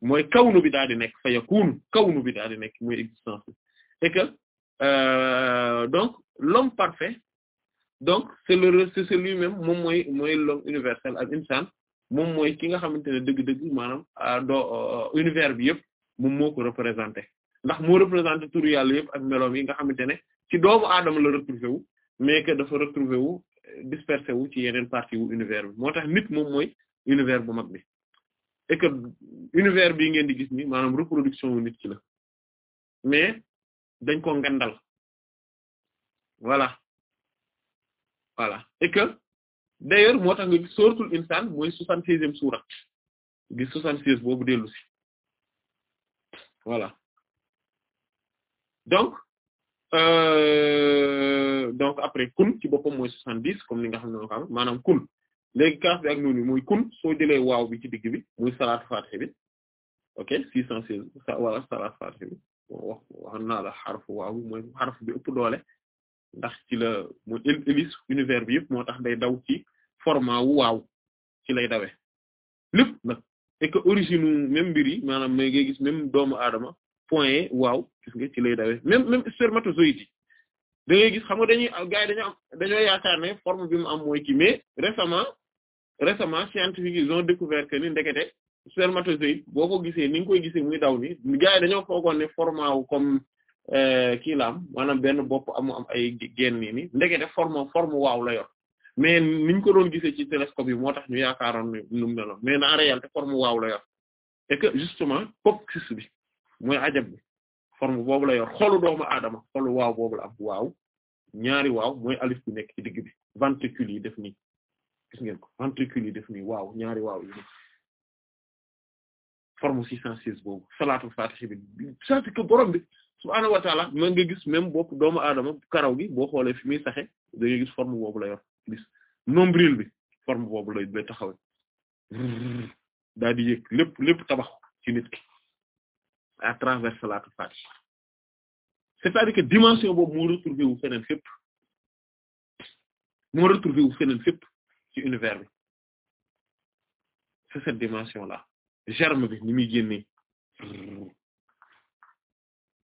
mooy kawnu bi daal di nekk faya kuunu kawnu bi daal di nekk mooy existence euh, donc l'homme parfait donc c'est le c'est lui-même moom mooy mooy universel ak insaan moom mooy ki nga xamante ne dëgg-dëgg maanaam euh, do euh, univers bi yëpp moom moo ko représenté ndax moo représenté turu yàlla yëpp ak melo yi nga xamante ne ci doomu aadama la retrouvé wu mais que dafa retrouvé wu dispersé ci yenen partie wu univers bi nit moom mooy univers bu mag bi et univers bii ngeen di gis ni maanaam reproduction nit ki la mais dañ ko ngandal voilà voilà et que d'ailleurs moo tax nga gis suratul soixante-seizième suura gis soixante-seize boobu dellu si voilà donc euh, donc après kun ci boppam mooy soixante dix comme ni nga xam ne moom maanaam kun léegi kaaf bi ak noonu mooy kun soo jëlee waaw bi ci digg bi muy salaat faatiha bi ok six cent seize wala salaat faatiha bi wax wax naa la xarfu waaw mooy xarfu bi ëpp doole ndax ci la mooy hélice univers bi yëpp moo tax day daw ci format wu waaw ci lay dawee lépp nag et que origine même mbir yi gis même doomu aadama point waaw gis nga ci lay dawee même même spermatozoïde yi da ngay gis xam nga dañuy gars yi am dañoo yaakaar ne forme bi mu am mooy kii mais récemment récemment scientifique ils ont découvert que ni ndekete spermatozoïde boo ko gisee ni nga koy gisee muy daw ni gars yi dañoo foogoon ne format wu comme euh, kii la am maanaam benn bopp amu am ay génn nii ni ndekete forme forme waaw la yor mais niñ ko doon gisee ci télescope yi moo tax ñu yaakaaroon ne nu mu meloon mais en réalité forme waaw la yor et que justement coccyx bi mooy ajab bi forme boobu la yor xolu doomu aadama xolu waaw boobu la am waaw ñaari waaw mooy alif bi nekk digg bi ventricule def nii gis ngeen ko ventricule yi def nii waaw ñaari waaw yi forme 616 boobu salaatul faatihi bi c'est que borom bi subhaanahu wa taala mën nga gis même bopp doomu aadama karaw gi boo xoolee fi muy saxe da nga gis boobu la yor gis nombril bi forme boobu lay lay taxawe daal di yëg lépp lépp tabax ci ki à travers salaatul fatiha c'est-à-dire que dimension boobu moo retrouvé wu feneen fépp moo retrouvé wu feneen fépp ci univers bi c'est cette dimension là germe bi ni muy génnee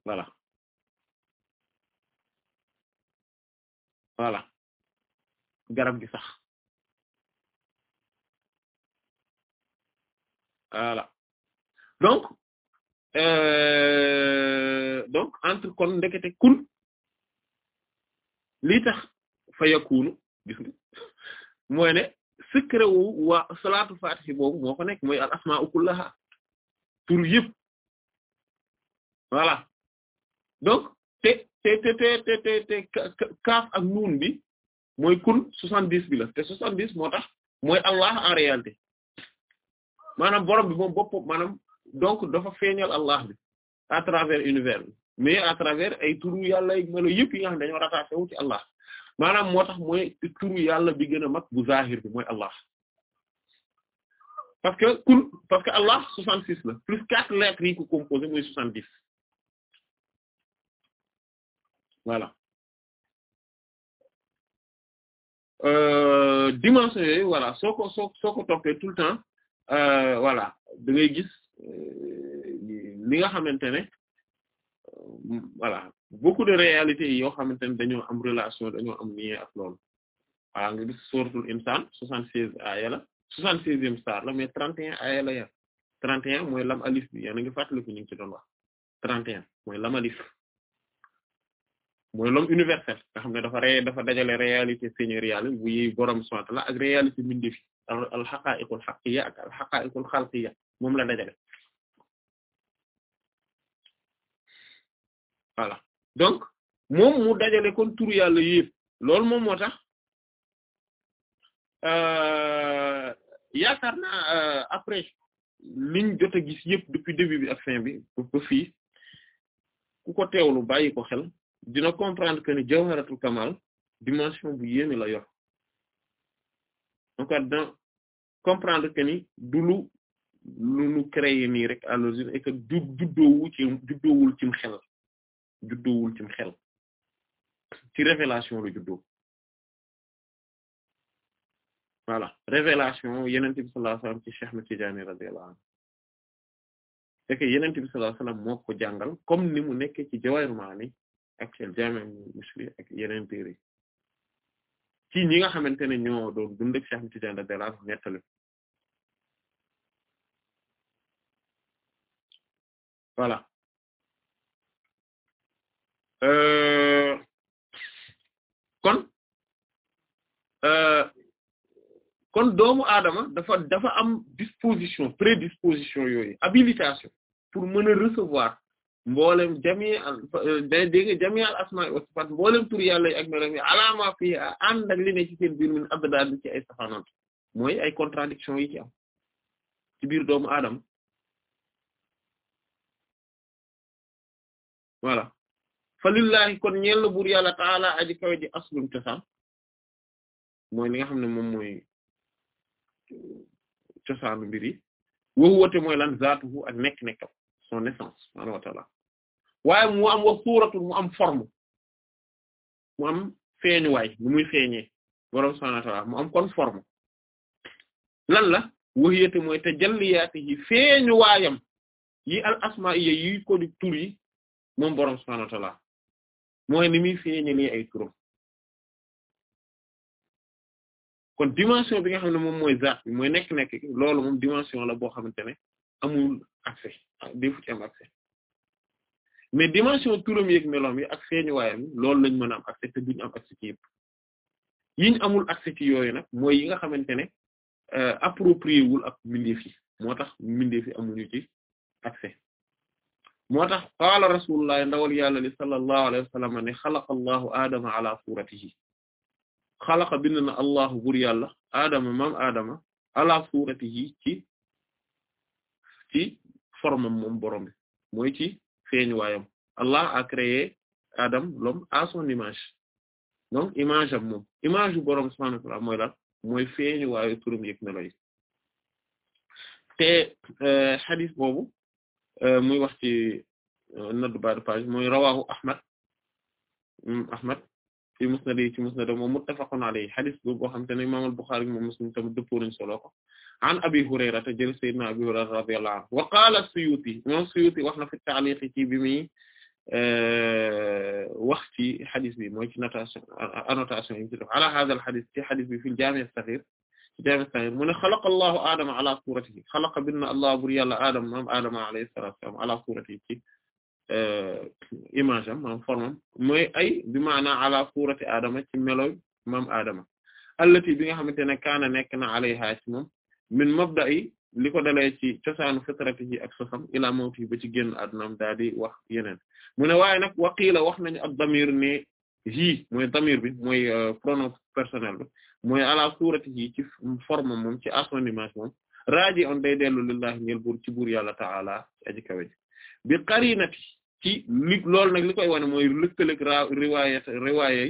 voilà voilà garab gi sax voilà donc Euh, donc entre kon ndekete kun lii tax fa yakunu gis nga ne secret wu waa salaatul faatihi boobu moo ko nekk mooy al asmaa kullaha tur yëpp voilà donc te te te te te te kaaf ak nuun bi mooy soixante-dix bi te soixante-dix moo tax allah en réalité maanaam borom bi moom bopp maanaam donc dafa feeñal Allah bi à travers univers mais à travers ay turu yàlla ay melo yëpp yi nga xam ne dañoo rattaché Allah maanaam moo tax mooy turu yàlla bi gën a mag bu zahir bi mooy Allah parce que kun parce que la plus quatre lettres yi composé mooy 70 voilà euh, dimension yooyu voilà soo ko soo soo ko tout le temps euh, voilà da ngay gis Euh, li nga xamante ne voilà beaucoup de réalités yi yoo xamante ne dañoo am relation dañoo am lien ak loolu voilà nga gis suratul insaan soixante-seize aaya la soixante-seizième saar la mais trente et un aaya trente et un lam alif bi yéen a ngi fàttaliku ñu ngi ci doon wax trente et un mooy lam alif mooy l'homme universel nga xam ne dafa dajale réalité seigneuriale bu yi borom sant la ak réalité mbindeef al al haqa'iqul haqqiyya ak al haqa'iqul moom la dajale voilà donc moom mu dajale kon turu yàlla yépp loolu moom moo tax euh, yaakaar naa euh, après liñ jot a gis yépp depuis début bi ak fin bi ba fii ku ko teewlu bàyyi ko xel dina comprendre que ni jawharatul kamal dimension bu yéeme la yor donc dina comprendre que ni du lu lu rek à l'origine et que du juddoowul ci juddoowul cim xel juddoowul ci xel ci révélation la juddoo voilà révélation yenent bi sallallahu alayhi wasallam ko jàngal comme ni mu nekkee ci Jawahirul Ma'ani ak Jaami' Misri ak yeneen ci ñi nga xamante ne ñoo doon dund ak Cheikh Ahmed nettali voilà kon doomu aadama dafa dafa am disposition prédisposition yooyu habilitation pour mën a recevoir mboolem jami da euh, dégg jami al asma wa sifat mboolem tur yàlla yi ak melam yi alaama fii ànd ak li ne ci seen biir min abdadaal ay saxanant mooy contradiction yi am ci biir doomu aadama voilà fa lillahi kon ñeel la buur yàlla taala aji kawe ji aslum cosaan mooy li nga xam ne cosaanu mbir yi woowote mooy lan zaatuhu ak nekk-nekkam son essence subhaanahu wa ta'ala waaye mu am wax suuratul mu am forme mu am feeñuwaay nu muy feeñee boroom subhaanahu wa ta'ala mu am kon forme lan la waxiyate mooy tajalliyaatihi feeñuwaayam yi al asmaa yi yi ko di tur moom boroom subhaanahu wa ta'ala mooy ni muy feeñalee ay turam kon dimension bi nga xam ne moom mooy zaat bi mooy nekk-nekk loolu moom dimension la boo xamante ne amul accès ah, defu ci am accès mais dimension turam yeeg meloom yi ak feeñu waayam loolu lañ mën a am accès am yiñ amul accès ci yooyu nag mooy yi nga xamante ne euh, approprié wul ak mbindeef yi moo tax mbindeef yi amuñu ci accès moo tax qaala rasulullah ndawal yàlla li sallallahu alayhi wa sallam ne xalaqa allahu ala suratihi xalaqa bind na allahu bur yàlla aadama maam aadama ala suratihi ci ci formam moom borom bi mooy ci feeñ waayam allah a créé adam l'homme à image donc image am moom image yu borom subhanahu wa ta'ala mooy lan mooy feeñ waayu turam yëg melo yi te euh, xadis boobu euh, muy wax ci euh, nodd bas de page mooy rawahu ahmad ahmad fi musnadi ci musnad moom muttafaqun alayhi xadis bu boo xam te ne imaam al-Buxaari moom Muslim tamit dëppoo nañu solo ko an Abi Hurayra te jël Seydina Abi Hurayra radiyallahu anhu wa qaala Suyuti imaam Suyuti wax na fi taaliq ci bi muy euh, wax ci xadis bi mooy ci notation annotation yi ci def ala haadha al-xadis ci xadis bi fil Jaami' as-Saxiir ci Jaami' as-Saxiir mu ne xalaqa Allahu Aadama ala suuratihi xalaqa binna Allah bur yàlla Aadama maam Aadama alayhi salaatu wa salaam ala suuratihi Euh, image am maanaam mooy ay bi maanaam ala suurati Adama ci meloy maam Adama allati bi nga xamante ne kaana nekk na alayha ci moom min mabda'i li ko dalee ci cosaanu fitrati ji ak sosam ila mawti ba ci génn adnam daal di wax yeneen mu ne waaye nag waqiila wax nañu ak damir ne ji mooy damir bi mooy euh, pronom personnel bi mooy ala suurati ji ci forme moom ci à son image moom raaji on day dellu lillahi ñeel buur ci buur yàlla ta'ala ci aji bi qarinati ci li loolu nag li koy wane mooy lëkkaleeg ra riwaayé riwaayé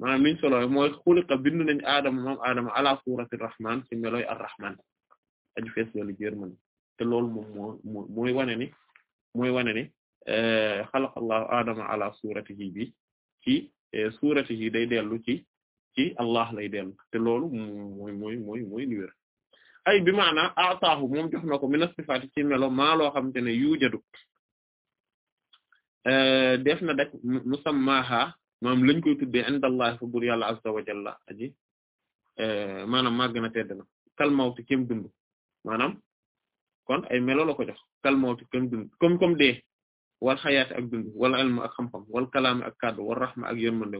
maanaam liñ solo mooy xuliqa bindu nañ aadama moom aadama ala suurati rahmaan ci meloy ar-rahmaan aju fees loolu jërmën te loolu moom moo mooy wane ni mooy wane ni eh, adama aadama ala suuratihi bi ci eh, suuratihi day dellu ci ci allah lay dellu te loolu mooy mooy mooy mooy li ay bi maanaam ataahu moom jox na ko mina sifaati ci melo maa loo xamante ne yujadu Euh, def na dak musammaha maanaam lañ koy tuddee indallahi fa buur yàlla azza wa jalla aji euh, maanaam màgg na tedd na kal mawti kem dund maanaam kon ay melo la ko jox kal mawti kem dund comme comme dee wal xayaati ak dund ak xam-xam wal kalaami ak kaddu wal rahma ak yërmande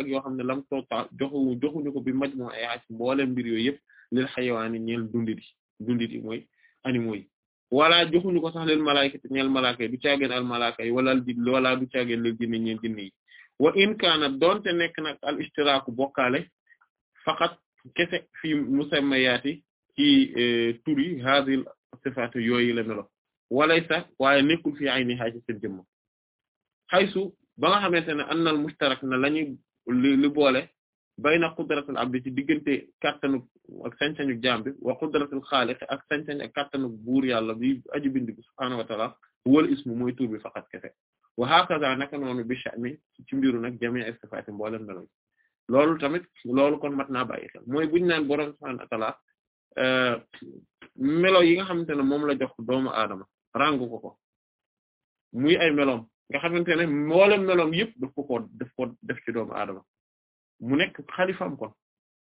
ak yoo xam ne lam tota joxu joxuñu ko bi majmu ay ci mboole mbir yooyu yëpp lil xayawaani ñeel dundit yi dundit yi mooy wala joxuñu ko sax leen malaykati ñeel malaaka yi du caageen al malaaka yi wala al jinne wala du caageen leel jinne ñeel jinne yi wa in kaana donte nekk nag al istiraaku bokkaale faqat kese fi musammayaati ci e, turi haazil sifaatu yooyu la melo walay sax waaye nekkul fi ay ni xaaj seen jëmm xamante ne an nal mushtarak na lañu li boole bayna qudratul abdi ci diggante kattanu ak sañ-sañu jaam bi wa qudratul xaaliq ak sañ-sañ ak kattanu buur yàlla bi aju bind bi subhaanahu wa ta'ala wal ismu mooy ci mbiru nag jami' istifaati mboolem meloy loolu tamit loolu kon mat naa mooy buñu naan borom subhaanahu wa ta'ala melo yi nga xamante ne moom la jox doomu aadama rangu ko ko nga xamante ne yëpp daf def ci doomu aadama mu nekk xalifaam kon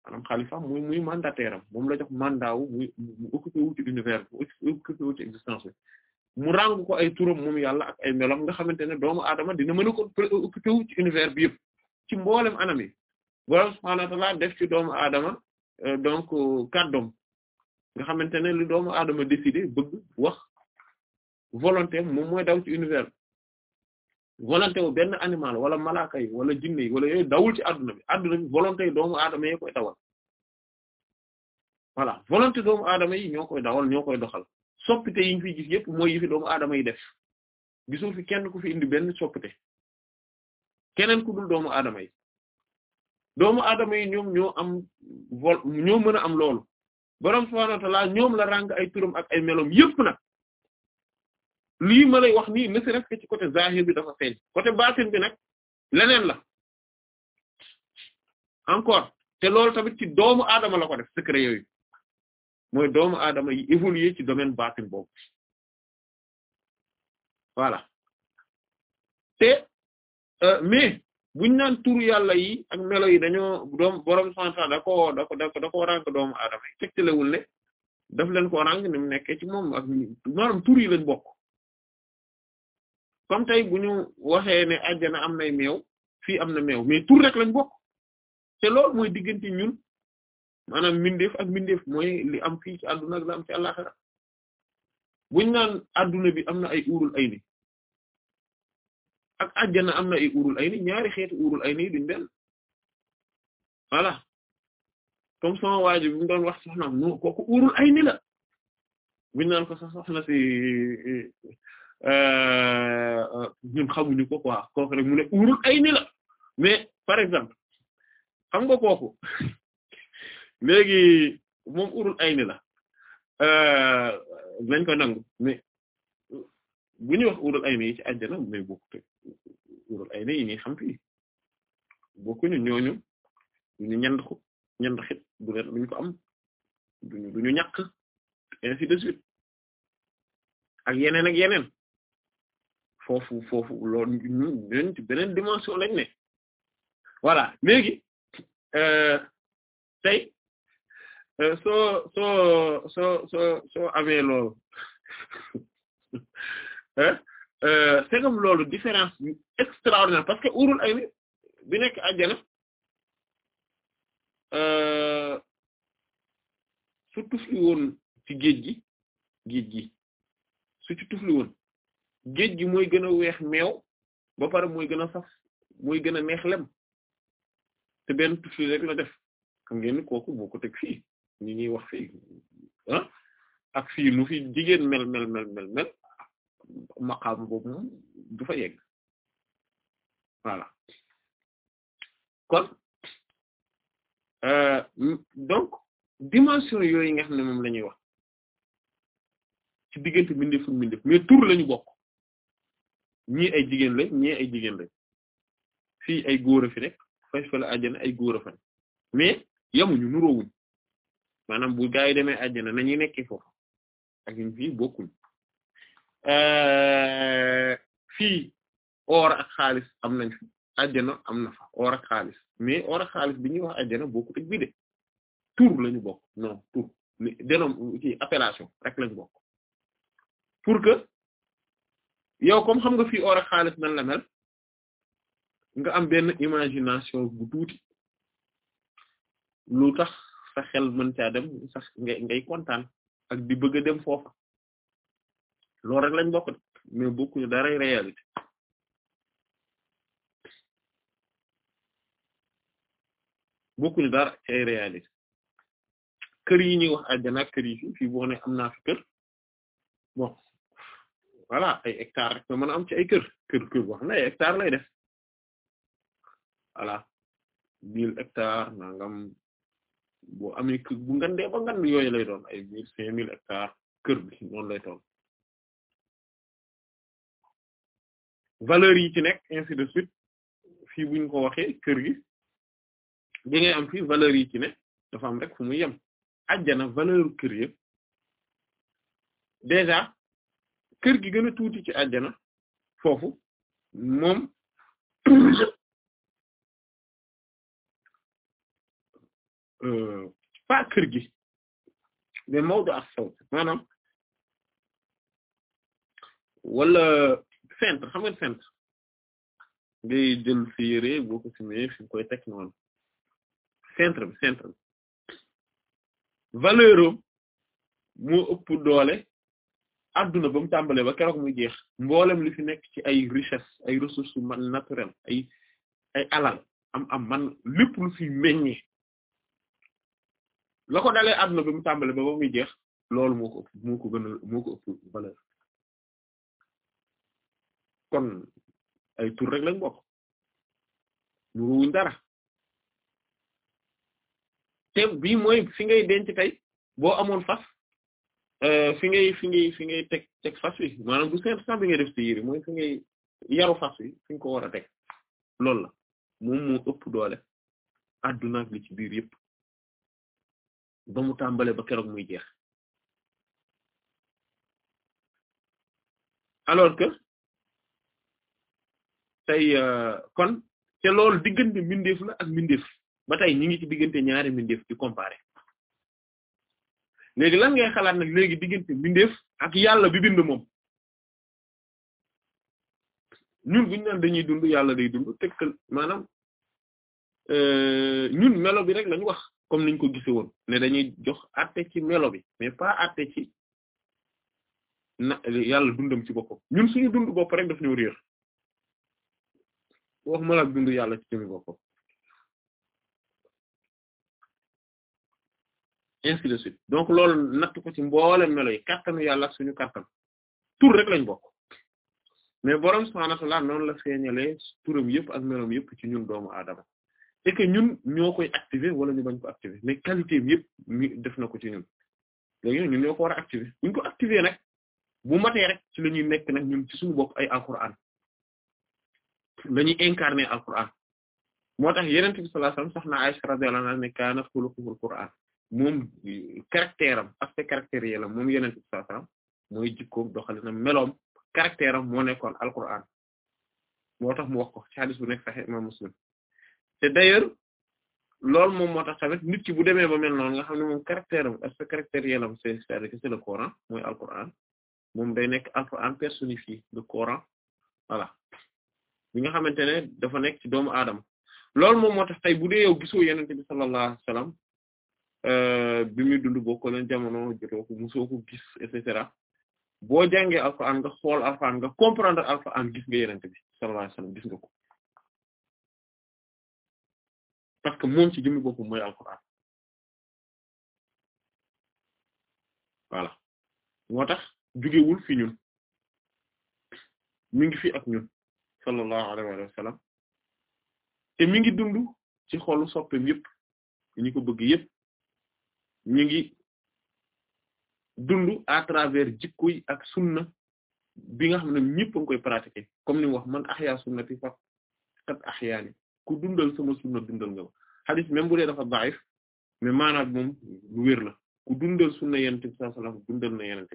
maanaam xalifaam muy muy mandataire am moom la jox mandat wu muy mu occupé wu mu occupé ko ay turam moom yàlla ak ay melam nga xamante ne doomu aadama dina mën a ko ci univers bi yëpp ci mboolem anam yi borom subhaanahu wa ta'aala def ci doomu aadama euh, donc kàddoom nga xamante ne lu doomu aadama décidé bëgg wax volonté moom mooy daw ci univers volonté wu benn animal wala malaaka yi wala jinne yi wala yooyu dawul ci adduna bi adduna bi volonté yi doomu aadama yi koy dawal voilà doomu aadama yi ñoo koy dawal ñoo koy doxal soppite yi ñu fi gis yëpp mooy yi fi doomu aadama yi def gisul fi kenn ku fi indi benn soppite keneen ku dul doomu aadama yi doomu aadama yi ñoom ñoo am vol ñoo mën a am loolu borom subhaanahu wa ta'aala ñoom la ràng ay turam ak ay melom yëpp nag lii ma lay wax nii ne serait-ce que bi dafa feeñ côté baatin bi nag leneen la encore te loolu tamit ci doomu aadama la def secret yooyu mooy doomu aadama yi évoluer ci domaine baatin boobu voilà te euh, mais buñ naan turu yàlla ak melo yi dañoo doom borom santan da ko da ko da ko da ko rànk doomu daf leen ko rànk ni mu ci moom ak maanaam tur yi lañ bokk comme tey bu ñu waxee ne àjjana am nay meew fii am na meew mais tur rek lañ bokk te loolu mooy diggante ñun maanaam mbindeef ak mbindeef mooy li am fii ci ak la am ci àllaxira buñ naan bi am na ay urul ay ak àjjana am na ay urul ay ni ñaari xeeti urul ay ni duñ benn voilà comme sama waa ji bi doon wax soxnaam non kooku urul ay la buñ ko sax soxna si Euh, ñun xamuñu ko quoi kooku rek mu ne urul ay mais par exemple xam nga kooku léegi moom urul ay ni la euh, nañ ko nangu mais bu ñuy wax urul ay ni yi ci àjjana mais bokkut ay ni yi ñuy xam fii bokkuñu ñooñu duñu ñand ko ko am duñu duñu ñàkk ainsi de suite ak yeneen ak yeneen foofu foofu loolu ñun beneen beneen dimension lañ ne léegi euh, tey euh, soo soo soo soo soo amee loolu c'est euh, comme loolu différence bi extraordinaire parce que urul ay ni bi nekk àjjana su ci géej gi géej gi géej gi mooy gën a weex meew ba pare mooy gën a saf mooy gën a neex lem te benn tuuti la def xam ngeen kooku boo ko teg fii ñi ñuy wax fi ah ak fii nu fi jigéen mel mel mel mel mel maqaam boobu moom du fa yegg voilà kon euh, donc dimension yooyu nga xam ne moom la ñuy wax ci diggante mbindeef ak mais tur lañu bokk ñii ay jigéen lañ ñii ay jigéen lañ fii ay góor a fi nekk fay fa la ay góor a fa mais yamuñu nuroowuñ maanaam bu gaa yi demee àjjana nañuy nekkee foofu ak ñun fii bokkuñ euh, fii or xaalis am nañ fi àjjana am na fa or xaalis mais or ak xaalis bi ñuy wax àjjana bokkut ak bii de lañu bokk non tur dénom ci appellation rek lañu bokk pour que yow comme xam nga fii or ak xaalis nan la nga am benn imagination bu lu tax sa xel mën caa dem sax ngay ngay kontaan ak di bëgg a dem foofa loolu rek lañ bokk mais bokkuñu daray réalité bokkuñu dara ay réalité kër yi ñuy wax àjjana ak kër yi fii fi kër bon voilà ay hectares rek nga mën am ci ay kër kër kër boo xam ne ay hectares lay def voilà mille hectares nangam boo amee kër bu ngandee ba ngand yooyu lay doon ay mille cinq mille hectares kër bi noonu lay toll valeur yi ci de suite fii buñ ko waxee kër gi bi ngay am fi valeur yi ci am rek fu muy yem ajjana valeur kër yëpp déjà kër gi gën a tuuti ci àjjana foofu moom euh, pas kër gi mais mawdu as-sawt maanaam wala fentre xam nga fentre ngay jël sa yére boo ko simee fi koy teg centre bi centre bi valeur am ëpp doole adduna ba mu tàmbalee ba keroog muy jeex mboolem li fi ci ay richesse ay ressources man naturelles ay ay alal am am man lépp lu fi meññee la ko adduna ba mu tàmbalee ba ba muy jeex loolu moo ko ëpp moo ko gën a kon ay tur rek lañ bokk ñu ruwuñ dara te bii mooy fi ngay denc tey boo amoon fas Euh, fi ngay fi ngay fi ngay teg teg fas wi maanaam bu seet sax bi ngay def ci mooy fi ngay yaru fas wi fi nga ko war a teg loolu la moom moo ëpp doole àdduna ak li biir yëpp ba mu tàmbalee ba keroog muy jeex alors que tey euh, kon te loolu diggante mbindeef la ak mbindeef ba tey ñu ngi ci diggante ñaari mbindeef di comparer léegi lan nga xalaat nag léegi diggante bindeef ak yàlla bi bind moom ñun bu ñu naan dañuy dund yàlla day dund tekkal maanaam euh, ñun melo bi rek lañ wax comme niñ ko gisee woon ne dañuy jox àtte ci melo bi mais pas àtte ci yàlla dundam ci boppam ñun suñu dund bopp rek daf ñu réer waxuma la dund yàlla ci suñu boppam ainsi donc lool natt ko ci mboolem melo yi kattanu yàlla ak suñu kattan tur rek lañ bokk mais borom subhaanahu wa ta'aala noonu la feeñalee turam yëpp ak meloom yëpp ci ñun doomu adama et que ñun ñoo koy activer wala ñu bañ ko activer mais qualité bi yëpp ñu na ko ci ñun war a activer buñ ko activer nag rek ci la nekk nag ñun ci suñu bopp ay alquran la ñuy incarner alquran moo tax yonent bi sallallahu alayhi wa sallam soxna Aisha radiyallahu anha ne kaana xuluquhu alquran moom caractère am aspect caractériel am moom yeneen bi sallallahu alayhi mooy jikkoom doxalinam meloom caractère am moo nekkoon Alquran moo tax mu wax ko ci bu nekk Sahih Imam Muslim te d'ailleurs loolu moom moo tax tamit nit ki bu demee ba mel noonu nga xam ne moom caractère am aspect caractériel am c'est c'est-à-dire que c'est le Coran mooy Alquran moom day nekk Alquran personnifié le Coran voilà bi nga xamante ne dafa nekk ci doomu aadama loolu moom moo tax tey bu dee yow gisoo yenente bi sallallahu alayhi wasallam Euh, bi muy dund boo ko leen jamono jotoo ko mosoo ko gis et cetera boo jàngee alxuraan nga xool alxuraan nga comprendre alxuraan gis nga bi sallallahu gis nga ko parce que moom ci jëmmi boppam mooy alxuraan voilà moo tax jugewul fi ñun mi ngi fi ak ñun sallallahu alayhi wa sallam te mi ngi dund ci xoolu soppeem yëpp ñi ko bëgg yëpp mi ngi dund à travers jikko yi ak sunna bi nga xam ne ñëpp a ngi koy pratiquer comme ni mu wax man ahya sunnati fa kat ahyaani ku dundal sama sunna dundal nga ba hadith même bu dee dafa da'if mais maanaam moom lu wér la ku dundal sunna yonent bi sallallahu alayhi na yonent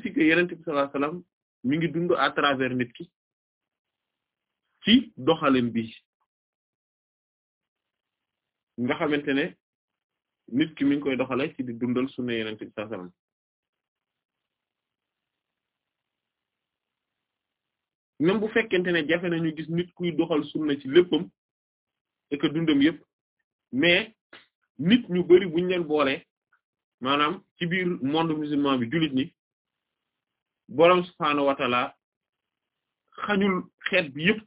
si que yonent bi ngi dund à travers nit ki bi nga xamante ne nit ki mi koy doxale ci di dundal sunna yenente bi sallallahu alayhi bu fekkente ne jafe ñu gis nit kuy doxal sunna ci léppam et dundam yëpp mais nit ñu bari buñ leen boolee maanaam ci biir monde musulman bi jullit ñi boroom subhaanahu wa xañul xeet bi yëpp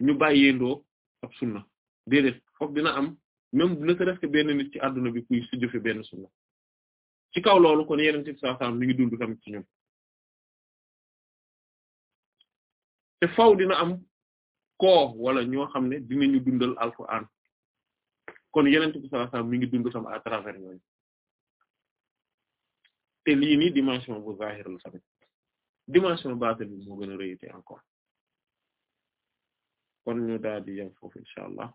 ñu bàyyeendoo ab sunna déedéet foofu dina am même ne serait benn nit ci àdduna bi kuy si jëfe benn sunna ci kaw loolu kon yeneen ci saa saa mi ngi dund tamit ci te faw dina am koo wala ñoo xam ne dinañu dundal alxuraan kon yeneen ci saa saa mi ngi dund sam à travers ñooñu te lii nii dimension bu zahir la tamit dimension baatin bi moo gën a réyité encore kon ñu daal di foofu incha allah.